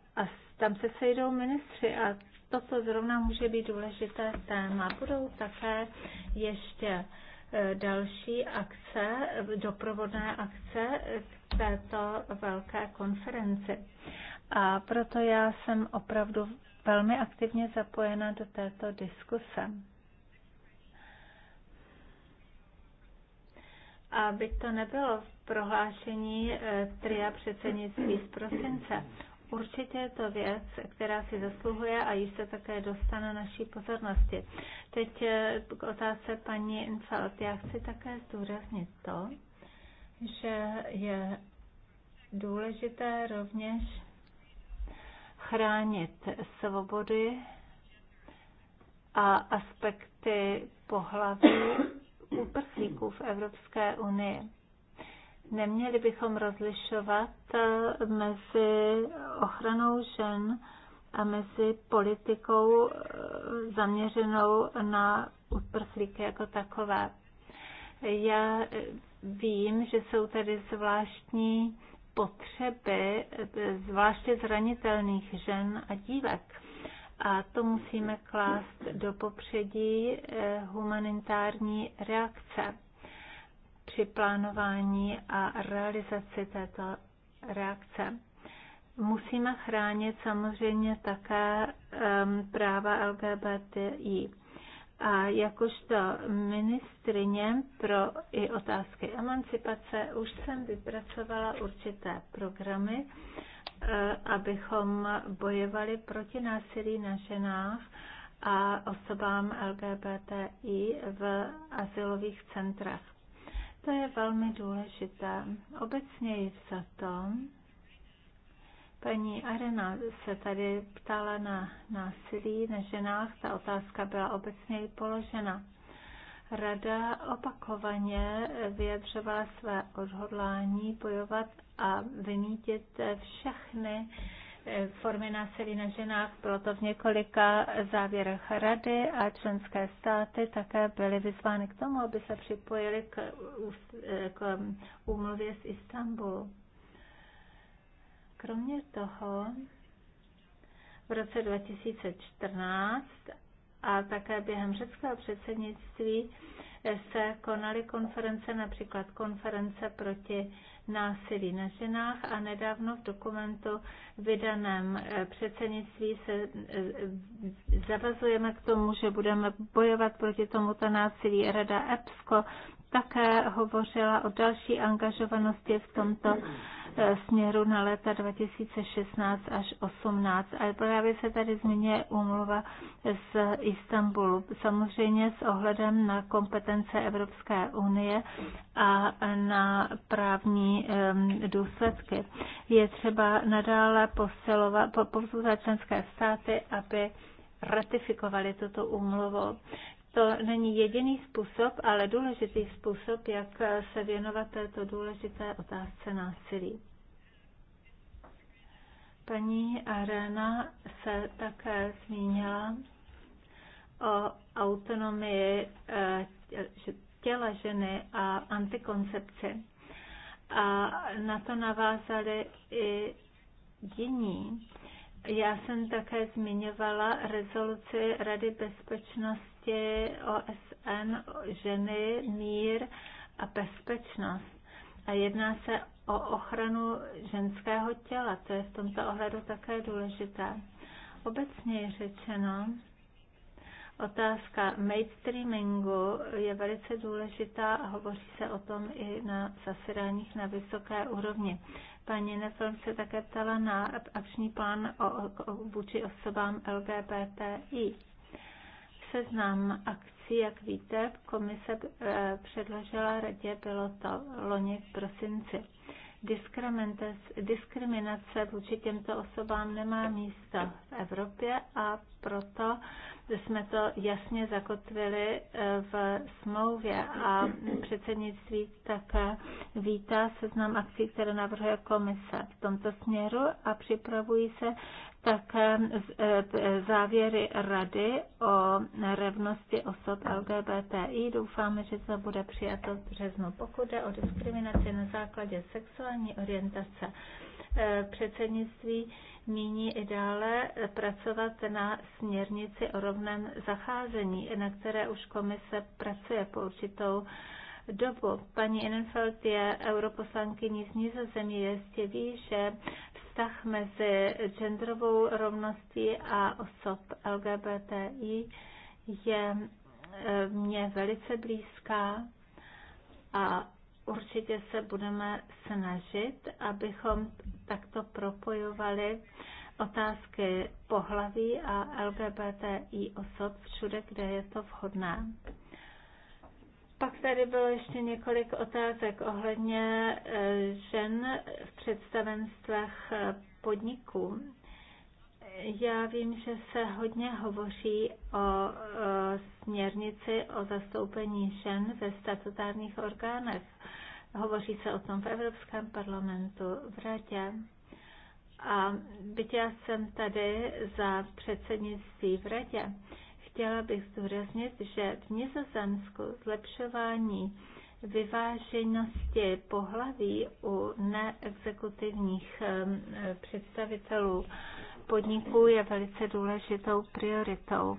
tam se sejdou ministři a to, co zrovna může být důležité téma. Budou také ještě e, další akce, doprovodné akce k této velké konferenci. A proto já jsem opravdu velmi aktivně zapojena do této diskuse. Aby to nebylo v prohlášení e, tria předsednictví z prosince. Určitě je to věc, která si zasluhuje a již se také dostane naší pozornosti. Teď eh, k otázce paní Infeld. Já chci také zdůraznit to, že je důležité rovněž chránit svobody a aspekty pohlaví uprchlíků v Evropské unii. Neměli bychom rozlišovat eh, mezi ochranou žen a mezi politikou eh, zaměřenou na uprchlíky jako takové. Já eh, vím, že jsou tady zvláštní potřeby zvláště zranitelných žen a dívek. A to musíme klást do popředí humanitární reakce při plánování a realizaci této reakce. Musíme chránit samozřejmě také um, práva LGBTI. A jakožto ministrině pro i otázky emancipace už jsem vypracovala určité programy, e, abychom bojovali proti násilí na ženách a osobám LGBTI v asilových centrech to je velmi důležité. Obecně je za to, paní Arena se tady ptala na násilí na ženách, ta otázka byla obecně položena. Rada opakovaně vyjadřovala své odhodlání bojovat a vymítit všechny formy násilí na ženách. Bylo to v několika závěrech rady a členské státy také byly vyzvány k tomu, aby se připojili k, k úmluvě z Istanbulu. Kromě toho v roce 2014 a také během řeckého předsednictví se konaly konference, například konference proti násilí na ženách a nedávno v dokumentu vydaném eh, předsednictví se eh, zavazujeme k tomu, že budeme bojovat proti tomuto násilí. Rada EPSCO také hovořila o další angažovanosti v tomto Eh, směru na léta 2016 až 18. Ale právě se tady zmiňuje úmluva z Istanbulu. Samozřejmě s ohledem na kompetence Evropské unie a na právní důsledky. Je třeba nadále posilovat, povzbuzovat členské státy, aby ratifikovali tuto úmluvu. To není jediný způsob, ale důležitý způsob, jak se věnovat této důležité otázce násilí. Paní Arena se také zmínila o autonomii eh, těla ženy a antikoncepci. A na to navázali i jiní. Já jsem také zmiňovala rezoluci Rady bezpečnosti oblasti OSN ženy, mír a bezpečnost. A jedná se o ochranu ženského těla, to je v tomto ohledu také důležité. Obecně je řečeno, otázka mainstreamingu je velice důležitá a hovoří se o tom i na zasedáních na vysoké úrovni. Paní Nefilm se také ptala na akční plán o, o, vůči osobám LGBTI. Seznam akcí, jak víte, komise eh, předložila radě, bylo to loni v prosinci. Diskriminace vůči těmto osobám nemá místo v Evropě a proto jsme to jasně zakotvili eh, v smlouvě a předsednictví také vítá seznam akcí, které navrhuje komise v tomto směru a připravují se také e, e, závěry rady o rovnosti osob LGBTI. Doufáme, že to bude přijato v březnu. Pokud jde o diskriminaci na základě sexuální orientace, e, předsednictví míní i dále pracovat na směrnici o rovném zacházení, na které už komise pracuje po určitou dobu. Paní Enenfeld je europoslankyní z Nizozemí, jistě ví, že vztah mezi genderovou rovností a osob LGBTI je e, mě velice blízká a určitě se budeme snažit, abychom takto propojovali otázky pohlaví a LGBTI osob všude, kde je to vhodné. Pak tady bylo ještě několik otázek ohledně eh, žen v představenstvech eh, podniků. Já vím, že se hodně hovoří o, eh, směrnici o zastoupení žen ve statutárních orgánech. Hovoří se o tom v Evropském parlamentu, v Radě. A byť já jsem tady za předsednictví v Radě, chtěla bych zdůraznit, že v Nizozemsku zlepšování vyváženosti pohlaví u neexekutivních představitelů podniků je velice důležitou prioritou.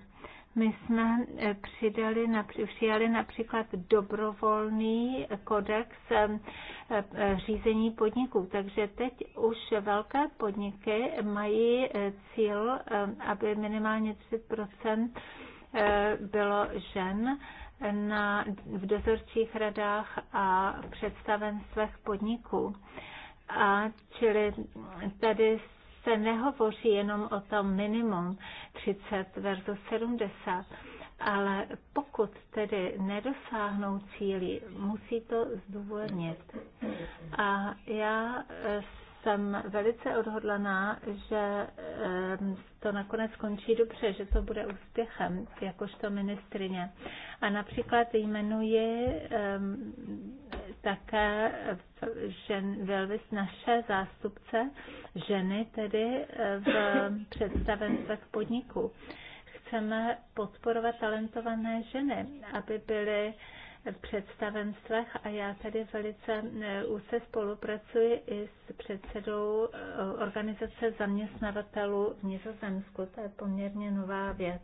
My jsme eh, přidali, přijali například dobrovolný kodex eh, eh, řízení podniků, takže teď už velké podniky mají cíl, aby minimálně 30 bylo žen na, v dozorčích radách a představenstvech podniků. A čili tady se nehovoří jenom o tom minimum 30 versus 70, ale pokud tedy nedosáhnou cíli, musí to zdůvodnit. A já eh, jsem velice odhodlaná, že eh, to nakonec skončí dobře, že to bude úspěchem, jakožto ministrině. A například jmenuji eh, také žen, velvis naše zástupce, ženy tedy v představenstvech podniku. Chceme podporovat talentované ženy, aby byly v představenstvech a já tady velice eh, úzce spolupracuji i s předsedou eh, organizace zaměstnavatelů v Nizozemsku. To je poměrně nová věc.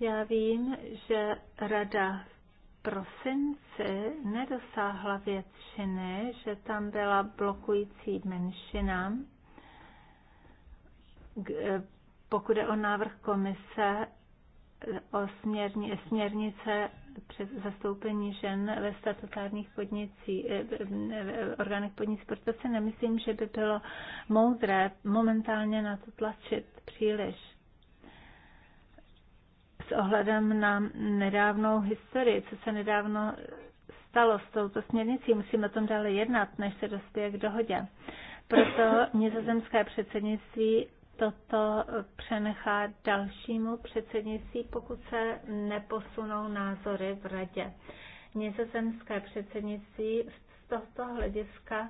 Já vím, že rada v prosinci nedosáhla většiny, že tam byla blokující menšina. Eh, pokud je o návrh komise eh, o směrni, směrnice přes zastoupení žen ve statutárních podnicích, eh, orgánech podnic Proto si nemyslím, že by bylo moudré momentálně na to tlačit příliš s ohledem na nedávnou historii, co se nedávno stalo s touto směrnicí. Musíme o tom dále jednat, než se dospěje k dohodě. Proto nizozemské předsednictví toto přenechá dalšímu předsednictví, pokud se neposunou názory v radě. Nizozemské předsednictví z tohoto hlediska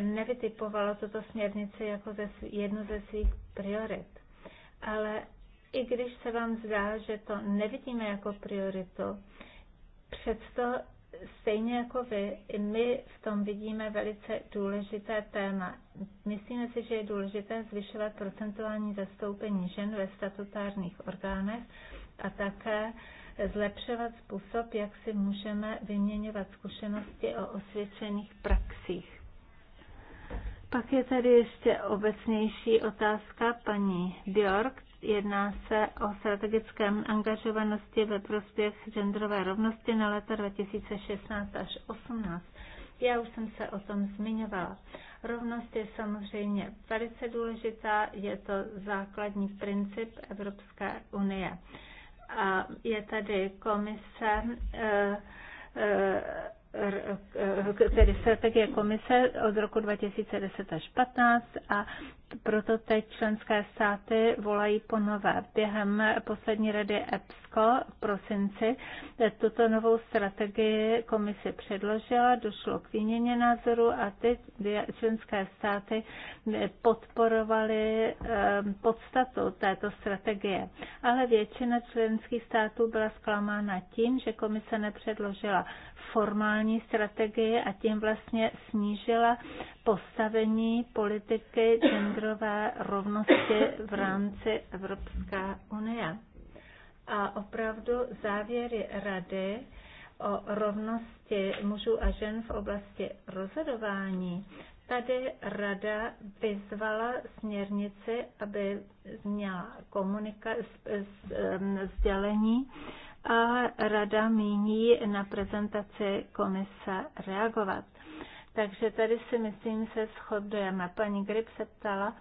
nevytipovalo tuto směrnici jako jednu ze svých priorit. Ale i když se vám zdá, že to nevidíme jako prioritu, přesto stejně jako vy, i my v tom vidíme velice důležité téma. Myslíme si, že je důležité zvyšovat procentuální zastoupení žen ve statutárních orgánech a také zlepšovat způsob, jak si můžeme vyměňovat zkušenosti o osvědčených praxích. Pak je tady ještě obecnější otázka paní Bjork, Jedná se o strategické angažovanosti ve prospěch genderové rovnosti na leta 2016 až 2018. Já už jsem se o tom zmiňovala. Rovnost je samozřejmě velice důležitá, je to základní princip Evropské unie. A je tady komise, eh, eh, tedy strategie komise od roku 2010 až 15 a proto teď členské státy volají po nové. Během poslední rady EPSCO v prosinci tuto novou strategii komise předložila, došlo k výměně názoru a ty členské státy podporovaly eh, podstatu této strategie. Ale většina členských států byla zklamána tím, že komise nepředložila formální strategii a tím vlastně snížila postavení politiky gender genderové rovnosti v rámci Evropská unie. A opravdu závěry rady o rovnosti mužů a žen v oblasti rozhodování, tady rada vyzvala směrnici, aby měla komunika, sdělení a rada míní na prezentaci komise reagovat. Takže tady si myslím, se shodujeme. Paní Grip se ptala,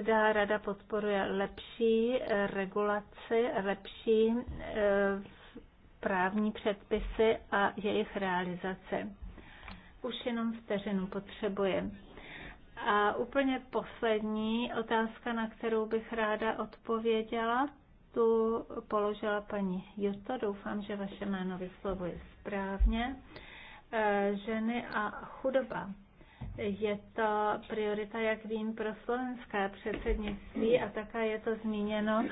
zda rada podporuje lepší eh, regulaci, lepší eh, právní předpisy a jejich realizaci. Už jenom vteřinu potřebuje. A úplně poslední otázka, na kterou bych ráda odpověděla, tu položila paní Juto. Doufám, že vaše jméno vyslovuje správně. Uh, Eh, ženy a chudoba. Je to priorita, jak vím, pro slovenské předsednictví a také je to zmíněno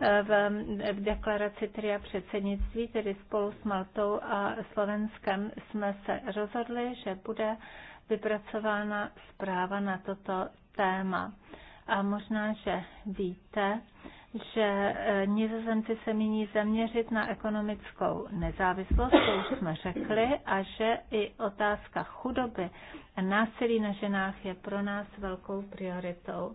eh, v, v deklaraci tria předsednictví, tedy spolu s Maltou a Slovenskem jsme se rozhodli, že bude vypracována zpráva na toto téma. A možná, že víte, že e, nizozemci se míní zaměřit na ekonomickou nezávislost, to už jsme řekli, a že i otázka chudoby a násilí na ženách je pro nás velkou prioritou.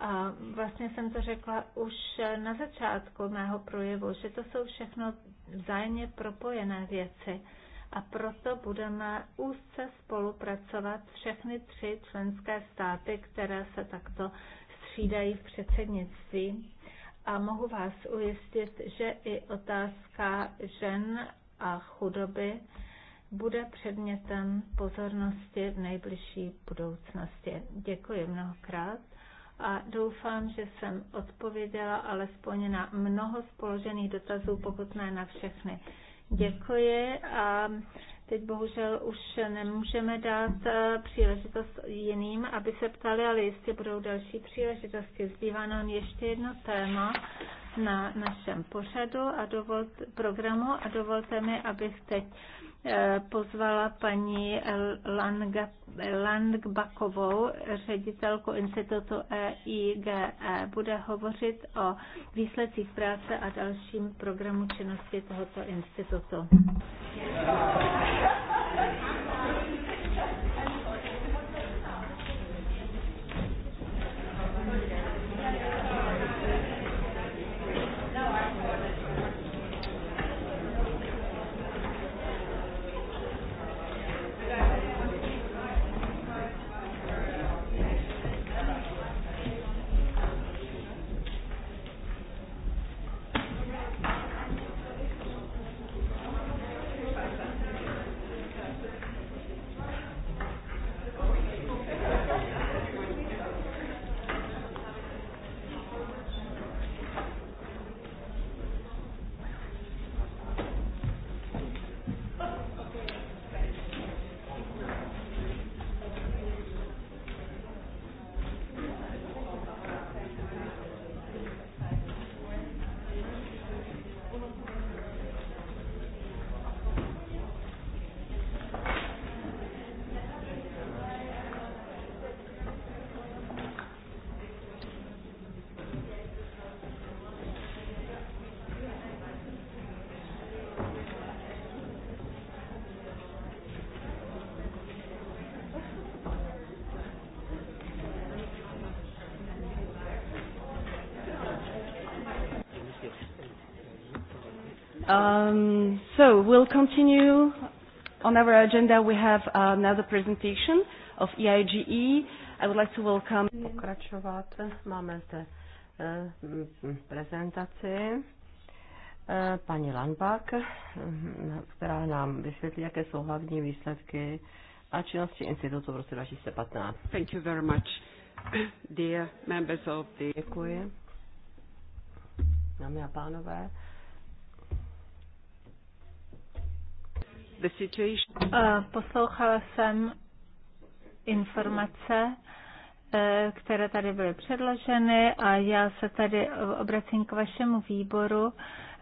A vlastně jsem to řekla už na začátku mého projevu, že to jsou všechno vzájemně propojené věci a proto budeme úzce spolupracovat všechny tři členské státy, které se takto střídají v předsednictví a mohu vás ujistit, že i otázka žen a chudoby bude předmětem pozornosti v nejbližší budoucnosti. Děkuji mnohokrát a doufám, že jsem odpověděla alespoň na mnoho spoložených dotazů, pokud ne na všechny. Děkuji a Teď bohužel už nemůžeme dát eh, příležitost jiným, aby se ptali, ale jistě budou další příležitosti. Zbývá nám ještě jedno téma na našem pořadu a dovol, programu a dovolte mi, abych teď Eh, pozvala paní Langbakovou, ředitelku institutu EIGE. E. Bude hovořit o výsledcích práce a dalším programu činnosti tohoto institutu. Um, so we'll continue on our agenda. We have another presentation of EIGE. E. I would like to welcome. Pokračovat máme zde eh, prezentaci eh, paní Landbach, eh, která nám vysvětlí, jaké jsou hlavní výsledky a činnosti institutu v roce 2015. Thank you very much, dear members of the... Děkuji. Dámy a pánové, the situation. Eh, poslouchala jsem informace, eh, které tady byly předloženy a já se tady obracím k vašemu výboru,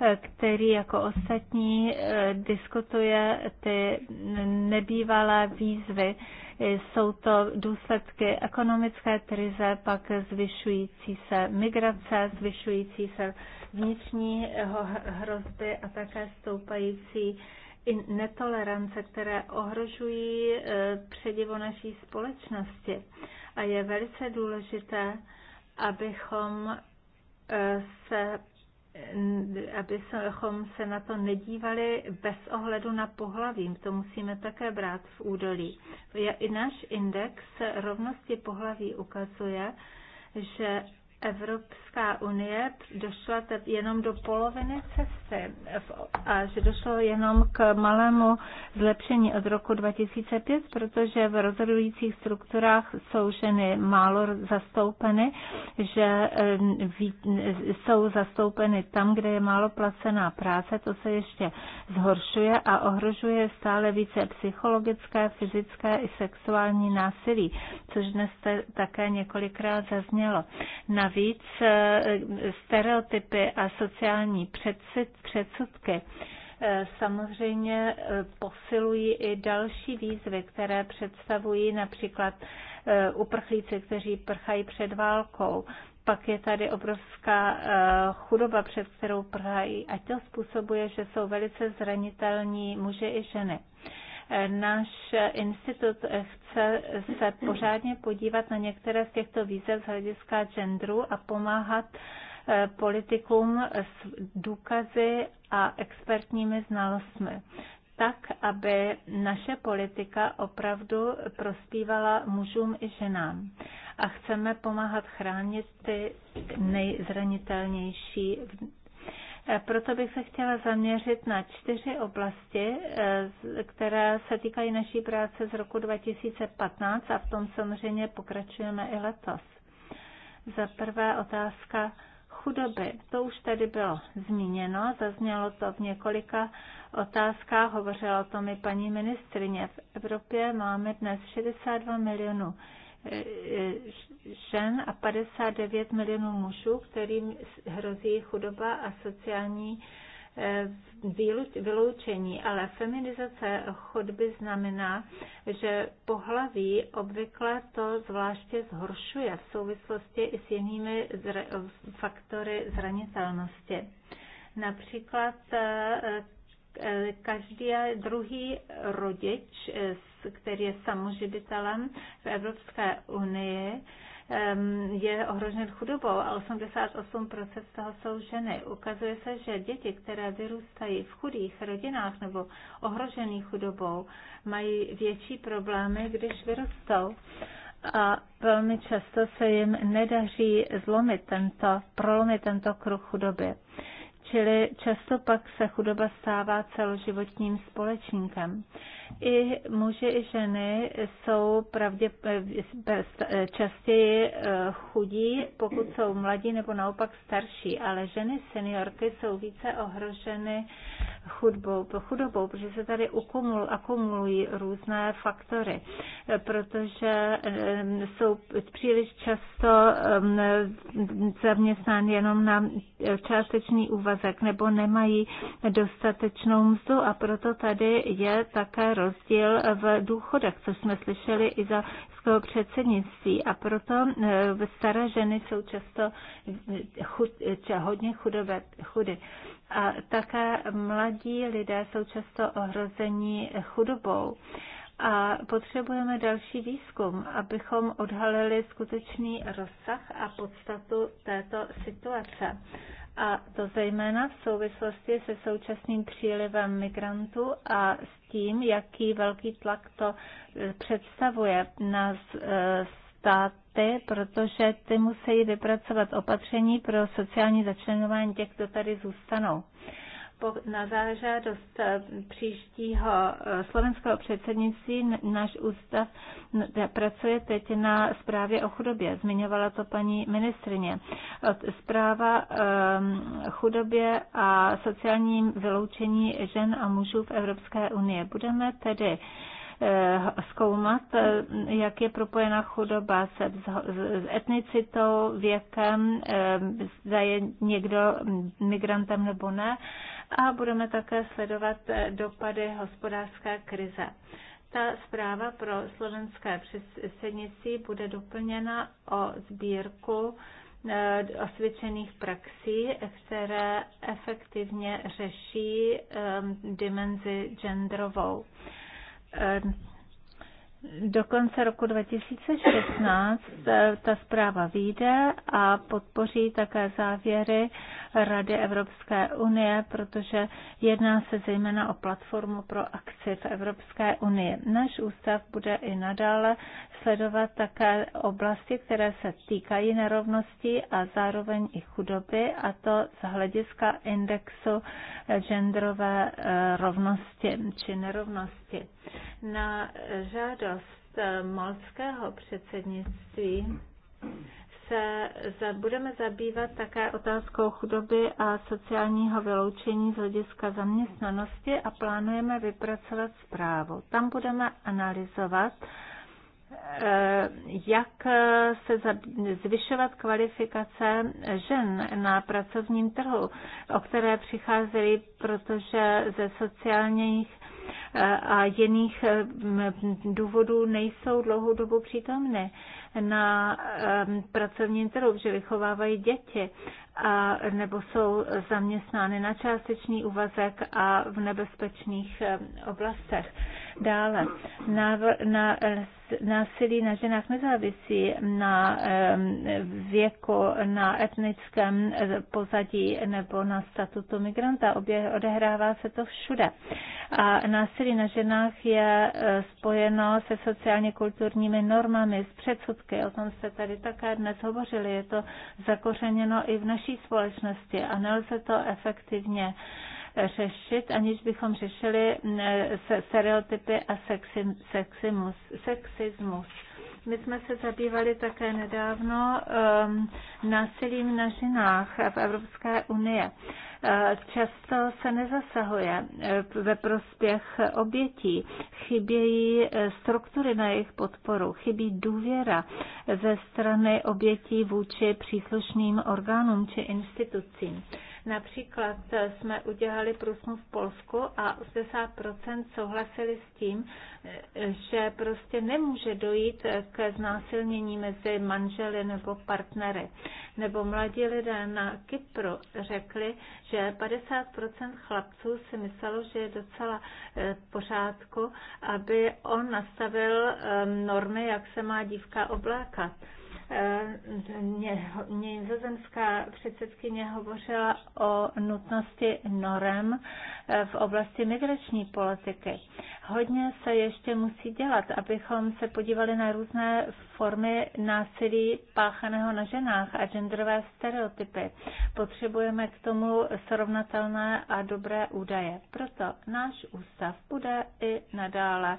eh, který jako ostatní diskutuje ty nebývalé výzvy. Jsou to důsledky ekonomické krize, pak zvyšující se migrace, zvyšující se vnitřní hrozby a také stoupající i netolerance, které ohrožují e, předivo naší společnosti. A je velice důležité, abychom e, se abychom se na to nedívali bez ohledu na pohlaví. To musíme také brát v údolí. I náš index rovnosti pohlaví ukazuje, že Evropská unie došla jenom do poloviny cesty a že došlo jenom k malému zlepšení od roku 2005, protože v rozhodujících strukturách jsou ženy málo zastoupeny, že eh, eh, jsou zastoupeny tam, kde je málo placená práce, to se ještě zhoršuje a ohrožuje stále více psychologické, fyzické i sexuální násilí, což dnes také několikrát zaznělo. Na Navíc eh, stereotypy a sociální předsudky eh, samozřejmě eh, posilují i další výzvy, které představují například uprchlíci, kteří prchají před válkou. Pak je tady obrovská chudoba, před kterou prchají a to způsobuje, že jsou velice zranitelní muže i ženy. Náš institut chce se pořádně podívat na některé z těchto výzev z hlediska genderu a pomáhat eh, politikům s důkazy a expertními znalostmi tak, aby naše politika opravdu prospívala mužům i ženám. A chceme pomáhat chránit ty nejzranitelnější Eh, proto bych se chtěla zaměřit na čtyři oblasti, eh, které se týkají naší práce z roku 2015 a v tom samozřejmě pokračujeme i letos. Za prvé otázka chudoby. To už tady bylo zmíněno, zaznělo to v několika otázkách, hovořila o tom i paní ministrině. V Evropě máme dnes 62 milionů žen a 59 milionů mužů, kterým hrozí chudoba a sociální eh, vyloučení, ale feminizace chodby znamená, že pohlaví obvykle to zvláště zhoršuje v souvislosti i s jinými faktory zranitelnosti. Například eh, každý druhý rodič, který je samoživitelem v Evropské unii, je ohrožen chudobou a 88% z toho jsou ženy. Ukazuje se, že děti, které vyrůstají v chudých rodinách nebo ohrožených chudobou, mají větší problémy, když vyrostou. A velmi často se jim nedaří zlomit tento, prolomit tento kruh chudoby. Čili často pak se chudoba stává celoživotním společníkem. I muži i ženy jsou pravdě, eh, eh, častěji eh, chudí, pokud jsou mladí nebo naopak starší, ale ženy seniorky jsou více ohroženy chudbou, chudobou, protože se tady ukumul, akumulují různé faktory, protože jsou příliš často zaměstnány jenom na částečný úvaz mozek nebo nemají dostatečnou mzdu a proto tady je také rozdíl v důchodech, co jsme slyšeli i za předsednictví a proto eh, staré ženy jsou často eh, chud, eh, hodně chudové, chudy. A také mladí lidé jsou často ohrozeni chudobou. A potřebujeme další výzkum, abychom odhalili skutečný rozsah a podstatu této situace a to zejména v souvislosti se současným přílivem migrantů a s tím, jaký velký tlak to e, představuje na e, státy, protože ty musí vypracovat opatření pro sociální začlenování těch, kdo tady zůstanou na zážádost eh, příštího eh, slovenského předsednictví náš ústav pracuje teď na zprávě o chudobě. Zmiňovala to paní ministrině. Zpráva ehm, chudobě a sociálním vyloučení žen a mužů v Evropské unii. Budeme tedy eh, zkoumat, jak je propojena chudoba se s etnicitou, věkem, zda je někdo migrantem nebo ne a budeme také sledovat eh, dopady hospodářské krize. Ta zpráva pro slovenské předsednictví bude doplněna o sbírku eh, osvědčených praxí, které efektivně řeší eh, dimenzi genderovou do konce roku 2016 eh, ta zpráva vyjde a podpoří také závěry Rady Evropské unie, protože jedná se zejména o platformu pro akci v Evropské unii. Náš ústav bude i nadále sledovat také oblasti, které se týkají nerovností a zároveň i chudoby, a to z hlediska indexu genderové eh, rovnosti či nerovnosti oblasti. Na žádost malského předsednictví se budeme zabývat také otázkou chudoby a sociálního vyloučení z hlediska zaměstnanosti a plánujeme vypracovat zprávu. Tam budeme analyzovat, eh, jak se zvyšovat kvalifikace žen na pracovním trhu, o které přicházely, protože ze sociálních a jiných mm, mm, důvodů nejsou dlouhou dobu přítomné na mm, pracovním trhu, že vychovávají děti a, nebo jsou zaměstnány na částečný úvazek a v nebezpečných oblastech. Dále, na, na, násilí na ženách nezávisí na věku, na etnickém pozadí nebo na statutu migranta. Obě odehrává se to všude. A násilí na ženách je eh, spojeno se sociálně-kulturními normami, s předsudky. O tom jste tady také dnes hovořili. Je to zakořeněno i v naší společnosti a nelze to efektivně uh, řešit, aniž bychom řešili mm, stereotypy a sexismus. sexismus. My jsme se zabývali také nedávno um, násilím na ženách v Evropské unie. Eh, často se nezasahuje eh, ve prospěch obětí. Chybějí eh, struktury na jejich podporu, chybí důvěra ze strany obětí vůči příslušným orgánům či institucím. Například jsme udělali průzkum v Polsku a 80% souhlasili s tím, že prostě nemůže dojít k znásilnění mezi manželi nebo partnery. Nebo mladí lidé na Kypru řekli, že 50% chlapců si myslelo, že je docela eh, v pořádku, aby on nastavil eh, normy, jak se má dívka oblékat. Eh, nizozemská předsedkyně hovořila o nutnosti norem eh, v oblasti migrační politiky. Hodně se ještě musí dělat, abychom se podívali na různé formy násilí páchaného na ženách a genderové stereotypy. Potřebujeme k tomu srovnatelné a dobré údaje. Proto náš ústav bude i nadále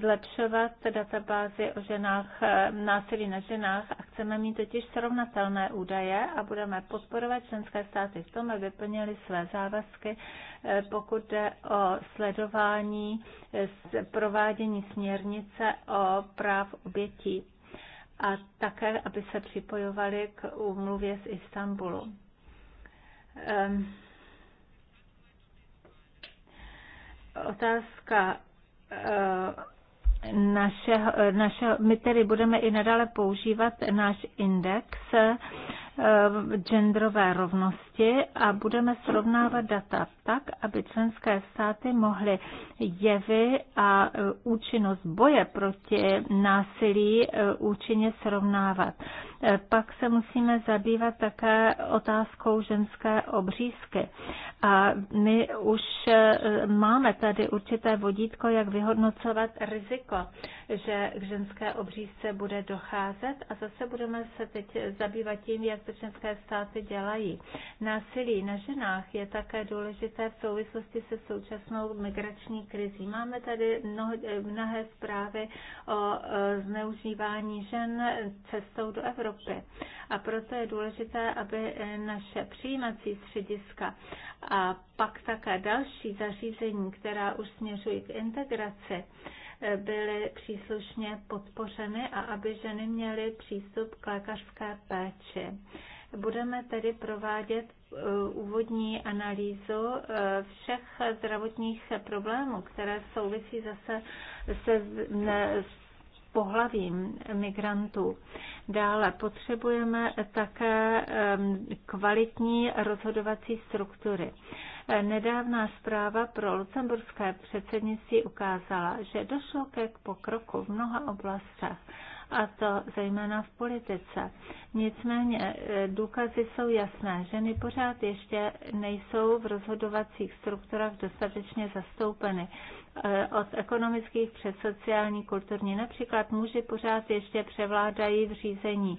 zlepšovat databázy o ženách, eh, násilí na ženách a chceme mít totiž srovnatelné údaje a budeme podporovat členské státy v tom, aby plnili své závazky, eh, pokud jde o sledování eh, provádění směrnice o práv obětí a také, aby se připojovali k úmluvě z Istanbulu. Ehm, otázka našeho, našeho, eh, my tedy budeme i nadále používat náš index Eh, genderové rovnosti a budeme srovnávat data tak, aby členské státy mohly jevy a eh, účinnost boje proti násilí eh, účinně srovnávat. Eh, pak se musíme zabývat také otázkou ženské obřízky. A my už eh, máme tady určité vodítko, jak vyhodnocovat riziko, že k ženské obřízce bude docházet a zase budeme se teď zabývat tím, jak to ženské státy dělají. Násilí na ženách je také důležité v souvislosti se současnou migrační krizí. Máme tady mnoho, eh, mnohé zprávy o zneužívání žen cestou do Evropy Evropy. A proto je důležité, aby eh, naše přijímací střediska a pak také další zařízení, která už směřují k integraci, eh, byly příslušně podpořeny a aby ženy měly přístup k lékařské péči. Budeme tedy provádět eh, úvodní analýzu všech zdravotních problémů, které souvisí zase se, pohlavím migrantů. Dále potřebujeme také kvalitní rozhodovací struktury. Nedávná zpráva pro lucemburské předsednictví ukázala, že došlo ke pokroku v mnoha oblastech a to zejména v politice. Nicméně e, důkazy jsou jasné. Ženy pořád ještě nejsou v rozhodovacích strukturách dostatečně zastoupeny. E, od ekonomických přes sociální, kulturní. Například muži pořád ještě převládají v řízení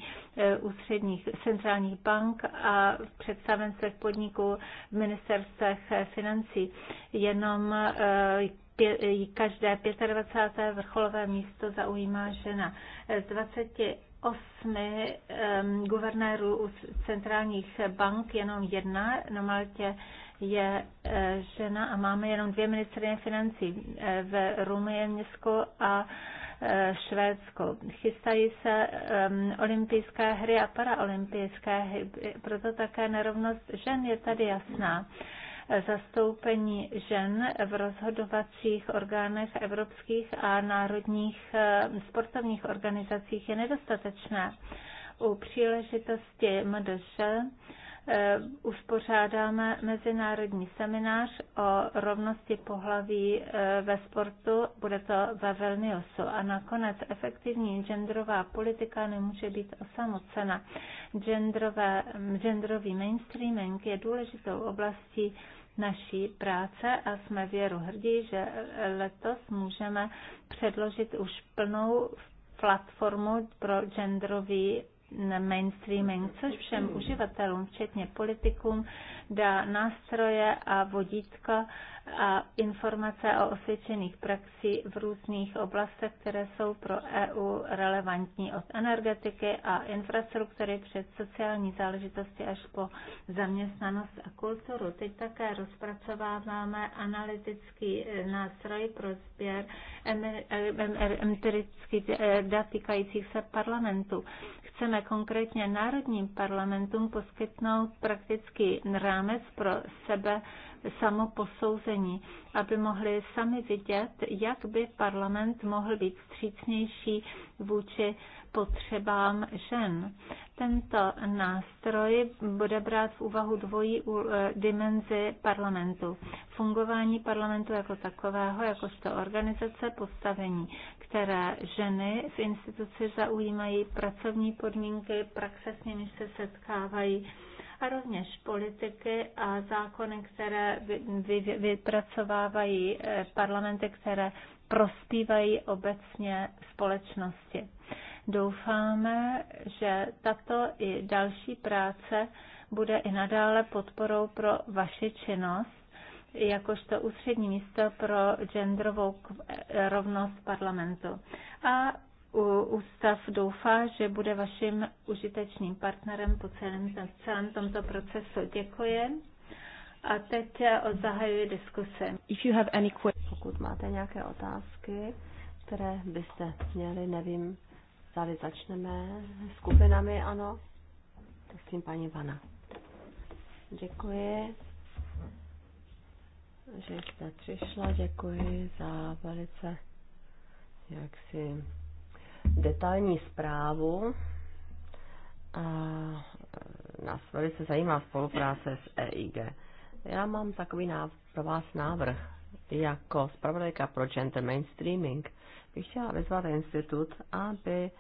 ústředních e, centrálních bank a v představenstvech podniků v ministerstvech financí. Jenom každé 25. vrcholové místo zaujímá žena. Z 28 guvernérů centrálních bank jenom jedna na Maltě je e, žena a máme jenom dvě ministrině financí e, v Rumunsku a e, Švédsku. Chystají se um, olympijské hry a paraolympijské hry, proto také nerovnost žen je tady jasná zastoupení žen v rozhodovacích orgánech evropských a národních eh, sportovních organizacích je nedostatečné. U příležitosti MDŠ eh, uspořádáme mezinárodní seminář o rovnosti pohlaví eh, ve sportu, bude to ve Vilniusu. A nakonec efektivní genderová politika nemůže být osamocena. Genderové, genderový mainstreaming je důležitou oblastí naší práce a jsme věru hrdí, že letos můžeme předložit už plnou platformu pro genderový mainstreaming, což všem uživatelům, včetně politikům, dá nástroje a vodítka a informace o osvědčených praxi v různých oblastech, které jsou pro EU relevantní od energetiky a infrastruktury před sociální záležitosti až po zaměstnanost a kulturu. Teď také rozpracováváme analytický eh, nástroj pro sběr empirických eh, dat týkajících se parlamentu chceme konkrétně národním parlamentům poskytnout praktický rámec pro sebe samoposouzení, aby mohli sami vidět, jak by parlament mohl být vstřícnější vůči potřebám žen. Tento nástroj bude brát v úvahu dvojí eh, dimenzi parlamentu. Fungování parlamentu jako takového, jakožto organizace, postavení které ženy v instituci zaujímají pracovní podmínky, praxe s nimi se setkávají a rovněž politiky a zákony, které vypracovávají eh, parlamenty, které prospívají obecně společnosti. Doufáme, že tato i další práce bude i nadále podporou pro vaši činnost jakožto ústřední místo pro genderovou rovnost parlamentu. A ústav doufá, že bude vaším užitečným partnerem po celém, celém tomto procesu. Děkuji. A teď zahajuji diskuse. If you have any questions. Pokud máte nějaké otázky, které byste měli, nevím, tady začneme skupinami, ano. Tak s tím paní Vana. Děkuji že jste přišla. Děkuji za velice jaksi detailní zprávu. A e, nás velice zajímá spolupráce s EIG. Já mám takový náv- pro vás návrh. Jako zpravodajka pro gender mainstreaming bych chtěla vyzvat institut, aby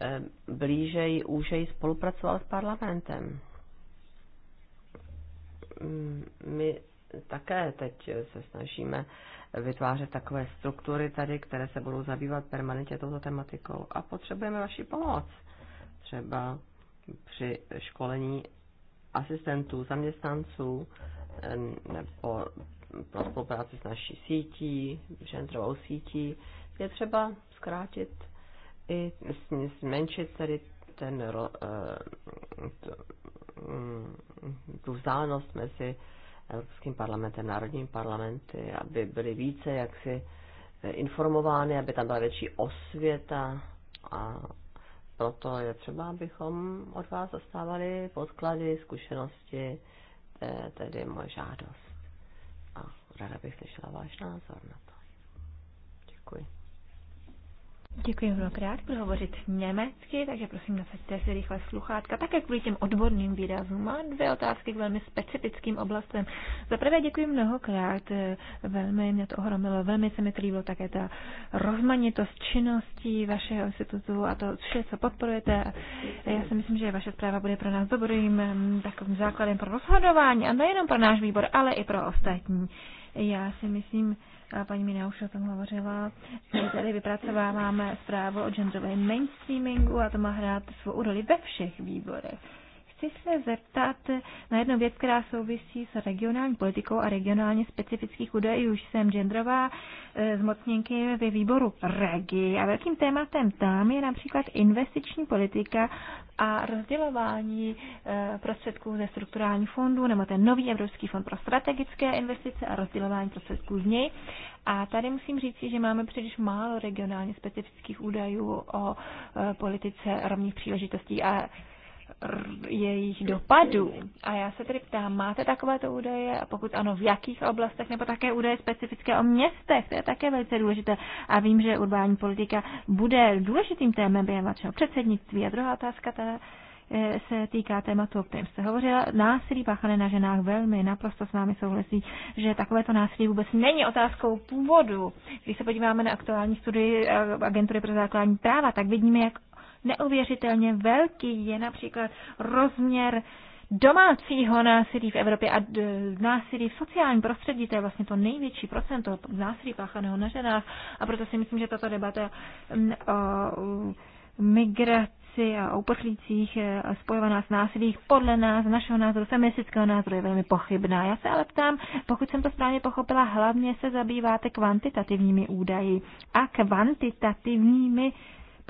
e, blížej, úžej spolupracoval s parlamentem. My také teď se snažíme vytvářet takové struktury tady, které se budou zabývat permanentně touto tematikou. A potřebujeme vaši pomoc. Třeba při školení asistentů, zaměstnanců, nebo pro spolupráci s naší sítí, žentrovou sítí, je třeba zkrátit i zmenšit tedy ten, eh, mm, tu vzdálenost mezi Evropským parlamentem, národním parlamenty, aby byly více jaksi eh, informovány, aby tam byla větší osvěta a proto je třeba, abychom od vás dostávali podklady, zkušenosti, eh, tedy moje žádost. A ráda bych slyšela váš názor na to. Děkuji. Děkuji mnohokrát, budu hovořit německy, takže prosím nasaďte si rychle sluchátka. Také kvůli těm odborným výrazům mám dvě otázky k velmi specifickým oblastem. Za prvé děkuji mnohokrát, eh, velmi mě to ohromilo, velmi se mi trývilo také ta rozmanitost činností vašeho institutu a to vše, co podporujete. Já si myslím, že vaše zpráva bude pro nás dobrým mm, takovým základem pro rozhodování a nejenom pro náš výbor, ale i pro ostatní. Já si myslím, a paní Mina už o tom hovořila. My tady vypracováváme zprávu o genderovém mainstreamingu a to má hrát svou roli ve všech výborech. Chci se zeptat na jednu věc, která souvisí s regionální politikou a regionálně specifických údajů. Už jsem genderová eh, zmocněnky ve výboru REGI a velkým tématem tam je například investiční politika a rozdělování eh, prostředků ze strukturálních fondů nebo ten nový Evropský fond pro strategické investice a rozdělování prostředků z něj. A tady musím říct, že máme příliš málo regionálně specifických údajů o eh, politice rovných příležitostí a jejich dopadů. A já se tedy ptám, máte takovéto údaje a pokud ano, v jakých oblastech, nebo také údaje specifické o městech, to je také velice důležité. A vím, že urbání politika bude důležitým témem během vašeho předsednictví. A druhá otázka ta eh, se týká tématu, o kterém jste hovořila. Násilí páchané na ženách velmi naprosto s námi souhlasí, že takovéto násilí vůbec není otázkou původu. Když se podíváme na aktuální studii eh, Agentury pro základní práva, tak vidíme, jak neuvěřitelně velký. Je například rozměr domácího násilí v Evropě a násilí v sociálním prostředí, to je vlastně to největší procento násilí páchaného na ženách a proto si myslím, že tato debata mm, o migraci a uprchlících e, spojovaná s násilí podle nás, našeho názoru, feministického názoru je velmi pochybná. Já se ale ptám, pokud jsem to správně pochopila, hlavně se zabýváte kvantitativními údaji a kvantitativními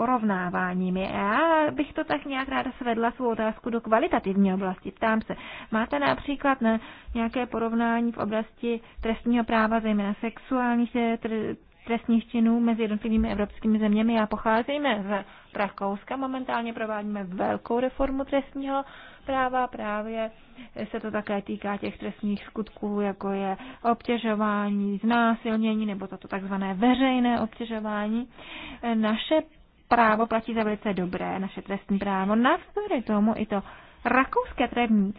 porovnáváními. Já bych to tak nějak ráda svedla svou otázku do kvalitativní oblasti. Ptám se, máte například na nějaké porovnání v oblasti trestního práva, zejména sexuálních eh, trestních činů mezi jednotlivými evropskými zeměmi. Já pocházíme z Rakouska, momentálně provádíme velkou reformu trestního práva, právě se to také týká těch trestních skutků, jako je obtěžování, znásilnění nebo toto takzvané veřejné obtěžování. Naše právo platí za velice dobré, naše trestní právo. Navzdory tomu i to rakouské trevní,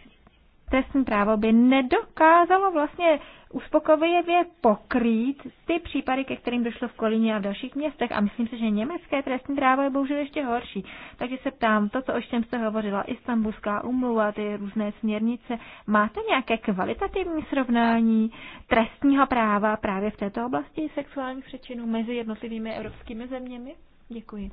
trestní právo by nedokázalo vlastně uspokojivě pokrýt ty případy, ke kterým došlo v Kolíně a v dalších městech. A myslím si, že německé trestní právo je bohužel ještě horší. Takže se ptám, to, co o čem jste hovořila, Istanbulská umluva, ty různé směrnice, máte nějaké kvalitativní srovnání trestního práva právě v této oblasti sexuálních přečinů mezi jednotlivými evropskými zeměmi? Děkuji.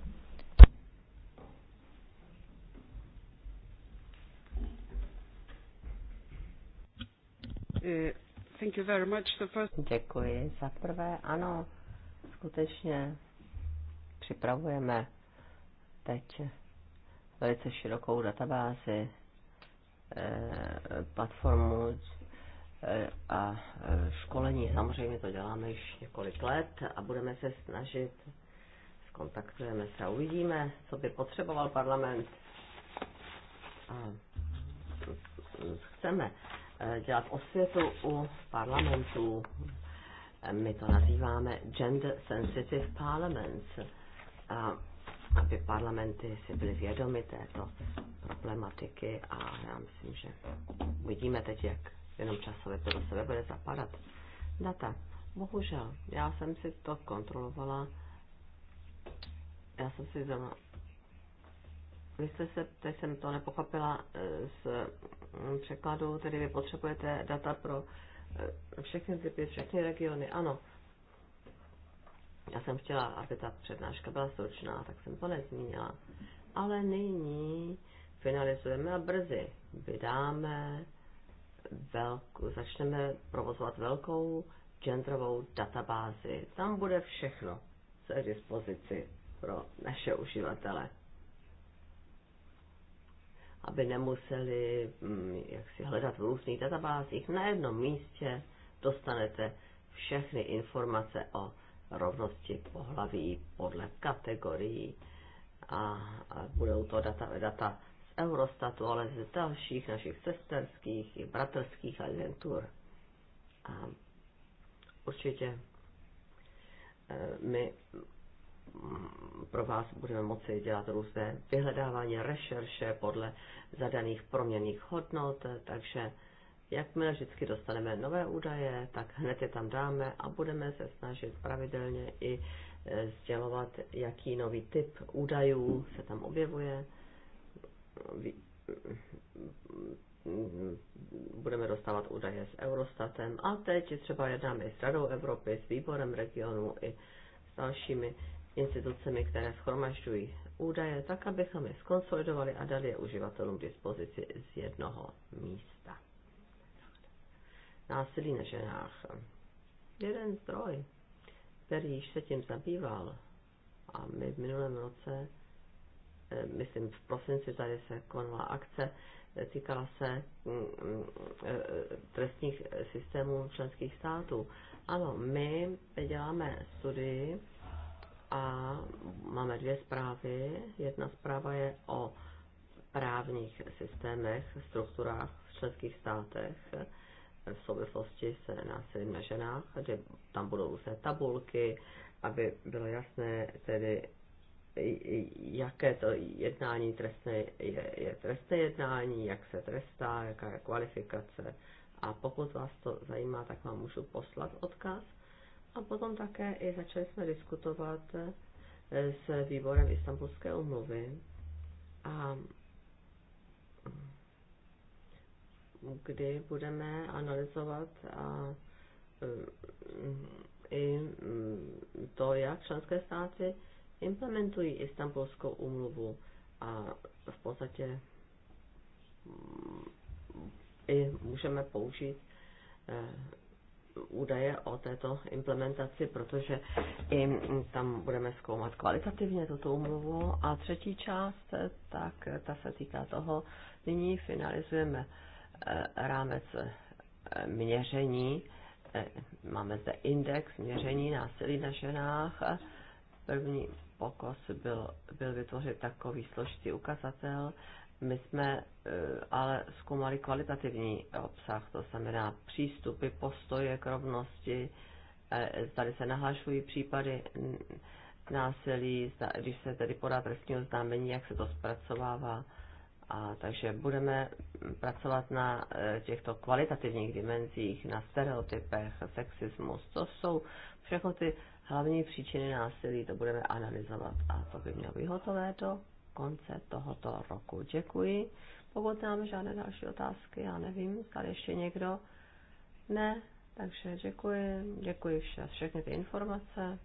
Eh, thank you very much. The first... Děkuji. Za prvé, ano, skutečně připravujeme teď velice širokou databázi, eh, platformu eh, a školení. Samozřejmě to děláme již několik let a budeme se snažit kontaktujeme se a uvidíme, co by potřeboval parlament. A chceme eh, dělat osvětu u parlamentů. My to nazýváme Gender Sensitive Parliaments, a aby parlamenty si byly vědomy této problematiky a já myslím, že uvidíme teď, jak jenom časově to do sebe bude zapadat. Data. Bohužel, já jsem si to kontrolovala jsem si zrovna... Vy jste se, teď jsem to nepochopila eh, z mm, překladu, tedy vy potřebujete data pro eh, všechny typy, všechny regiony, ano. Já jsem chtěla, aby ta přednáška byla stručná, tak jsem to nezmínila. Ale nyní finalizujeme a brzy vydáme, velkou, začneme provozovat velkou genderovou databázi. Tam bude všechno, co je dispozici pro naše uživatele. Aby nemuseli mm, jak si hledat v různých databázích, na jednom místě dostanete všechny informace o rovnosti pohlaví podle kategorií a, a budou to data, data z Eurostatu, ale z dalších našich sesterských i bratrských agentur. A určitě e, my pro vás budeme moci dělat různé vyhledávání, rešerše podle zadaných proměnných hodnot, takže jakmile vždycky dostaneme nové údaje, tak hned je tam dáme a budeme se snažit pravidelně i e, sdělovat, jaký nový typ údajů se tam objevuje. Budeme dostávat údaje s Eurostatem a teď třeba jednáme i s Radou Evropy, s výborem regionu i s dalšími institucemi, které schromažďují údaje, tak abychom je skonsolidovali a dali je uživatelům k dispozici z jednoho místa. Násilí na ženách. Jeden zdroj, který již se tím zabýval, a my v minulém roce, eh, myslím v prosinci tady se konala akce, eh, týkala se mm, mm, eh, trestních systémů členských států. Ano, my děláme studii, a máme dvě zprávy. Jedna zpráva je o právních systémech, strukturách v členských státech v souvislosti se násilím na ženách, kde tam budou různé tabulky, aby bylo jasné tedy, jaké to jednání trestné je, je trestné jednání, jak se trestá, jaká je kvalifikace. A pokud vás to zajímá, tak vám můžu poslat odkaz a potom také i začali jsme diskutovat eh, s výborem Istanbulské umluvy. A mm, kdy budeme analyzovat a mm, i mm, to, jak členské státy implementují Istanbulskou umluvu a v podstatě i můžeme použít eh, údaje o této implementaci, protože i tam budeme zkoumat kvalitativně tuto umluvu. A třetí část, tak ta se týká toho, nyní finalizujeme eh, rámec eh, měření, eh, máme zde index měření násilí na ženách. První pokus byl, byl vytvořit takový složitý ukazatel, my jsme eh, ale zkoumali kvalitativní obsah, to znamená přístupy, postoje k rovnosti, tady eh, se nahlašují případy násilí, když se tedy podá trestní oznámení, jak se to zpracovává. A takže budeme pracovat na eh, těchto kvalitativních dimenzích, na stereotypech, sexismus. To jsou všechno ty hlavní příčiny násilí, to budeme analyzovat a to by mělo být hotové do konce tohoto roku. Děkuji. Pokud nám žádné další otázky, já nevím, tady ještě někdo? Ne, takže děkuji, děkuji vše, všechny ty informace.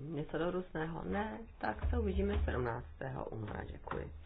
Něco do různého? Ne, tak se uvidíme 17. února. Děkuji.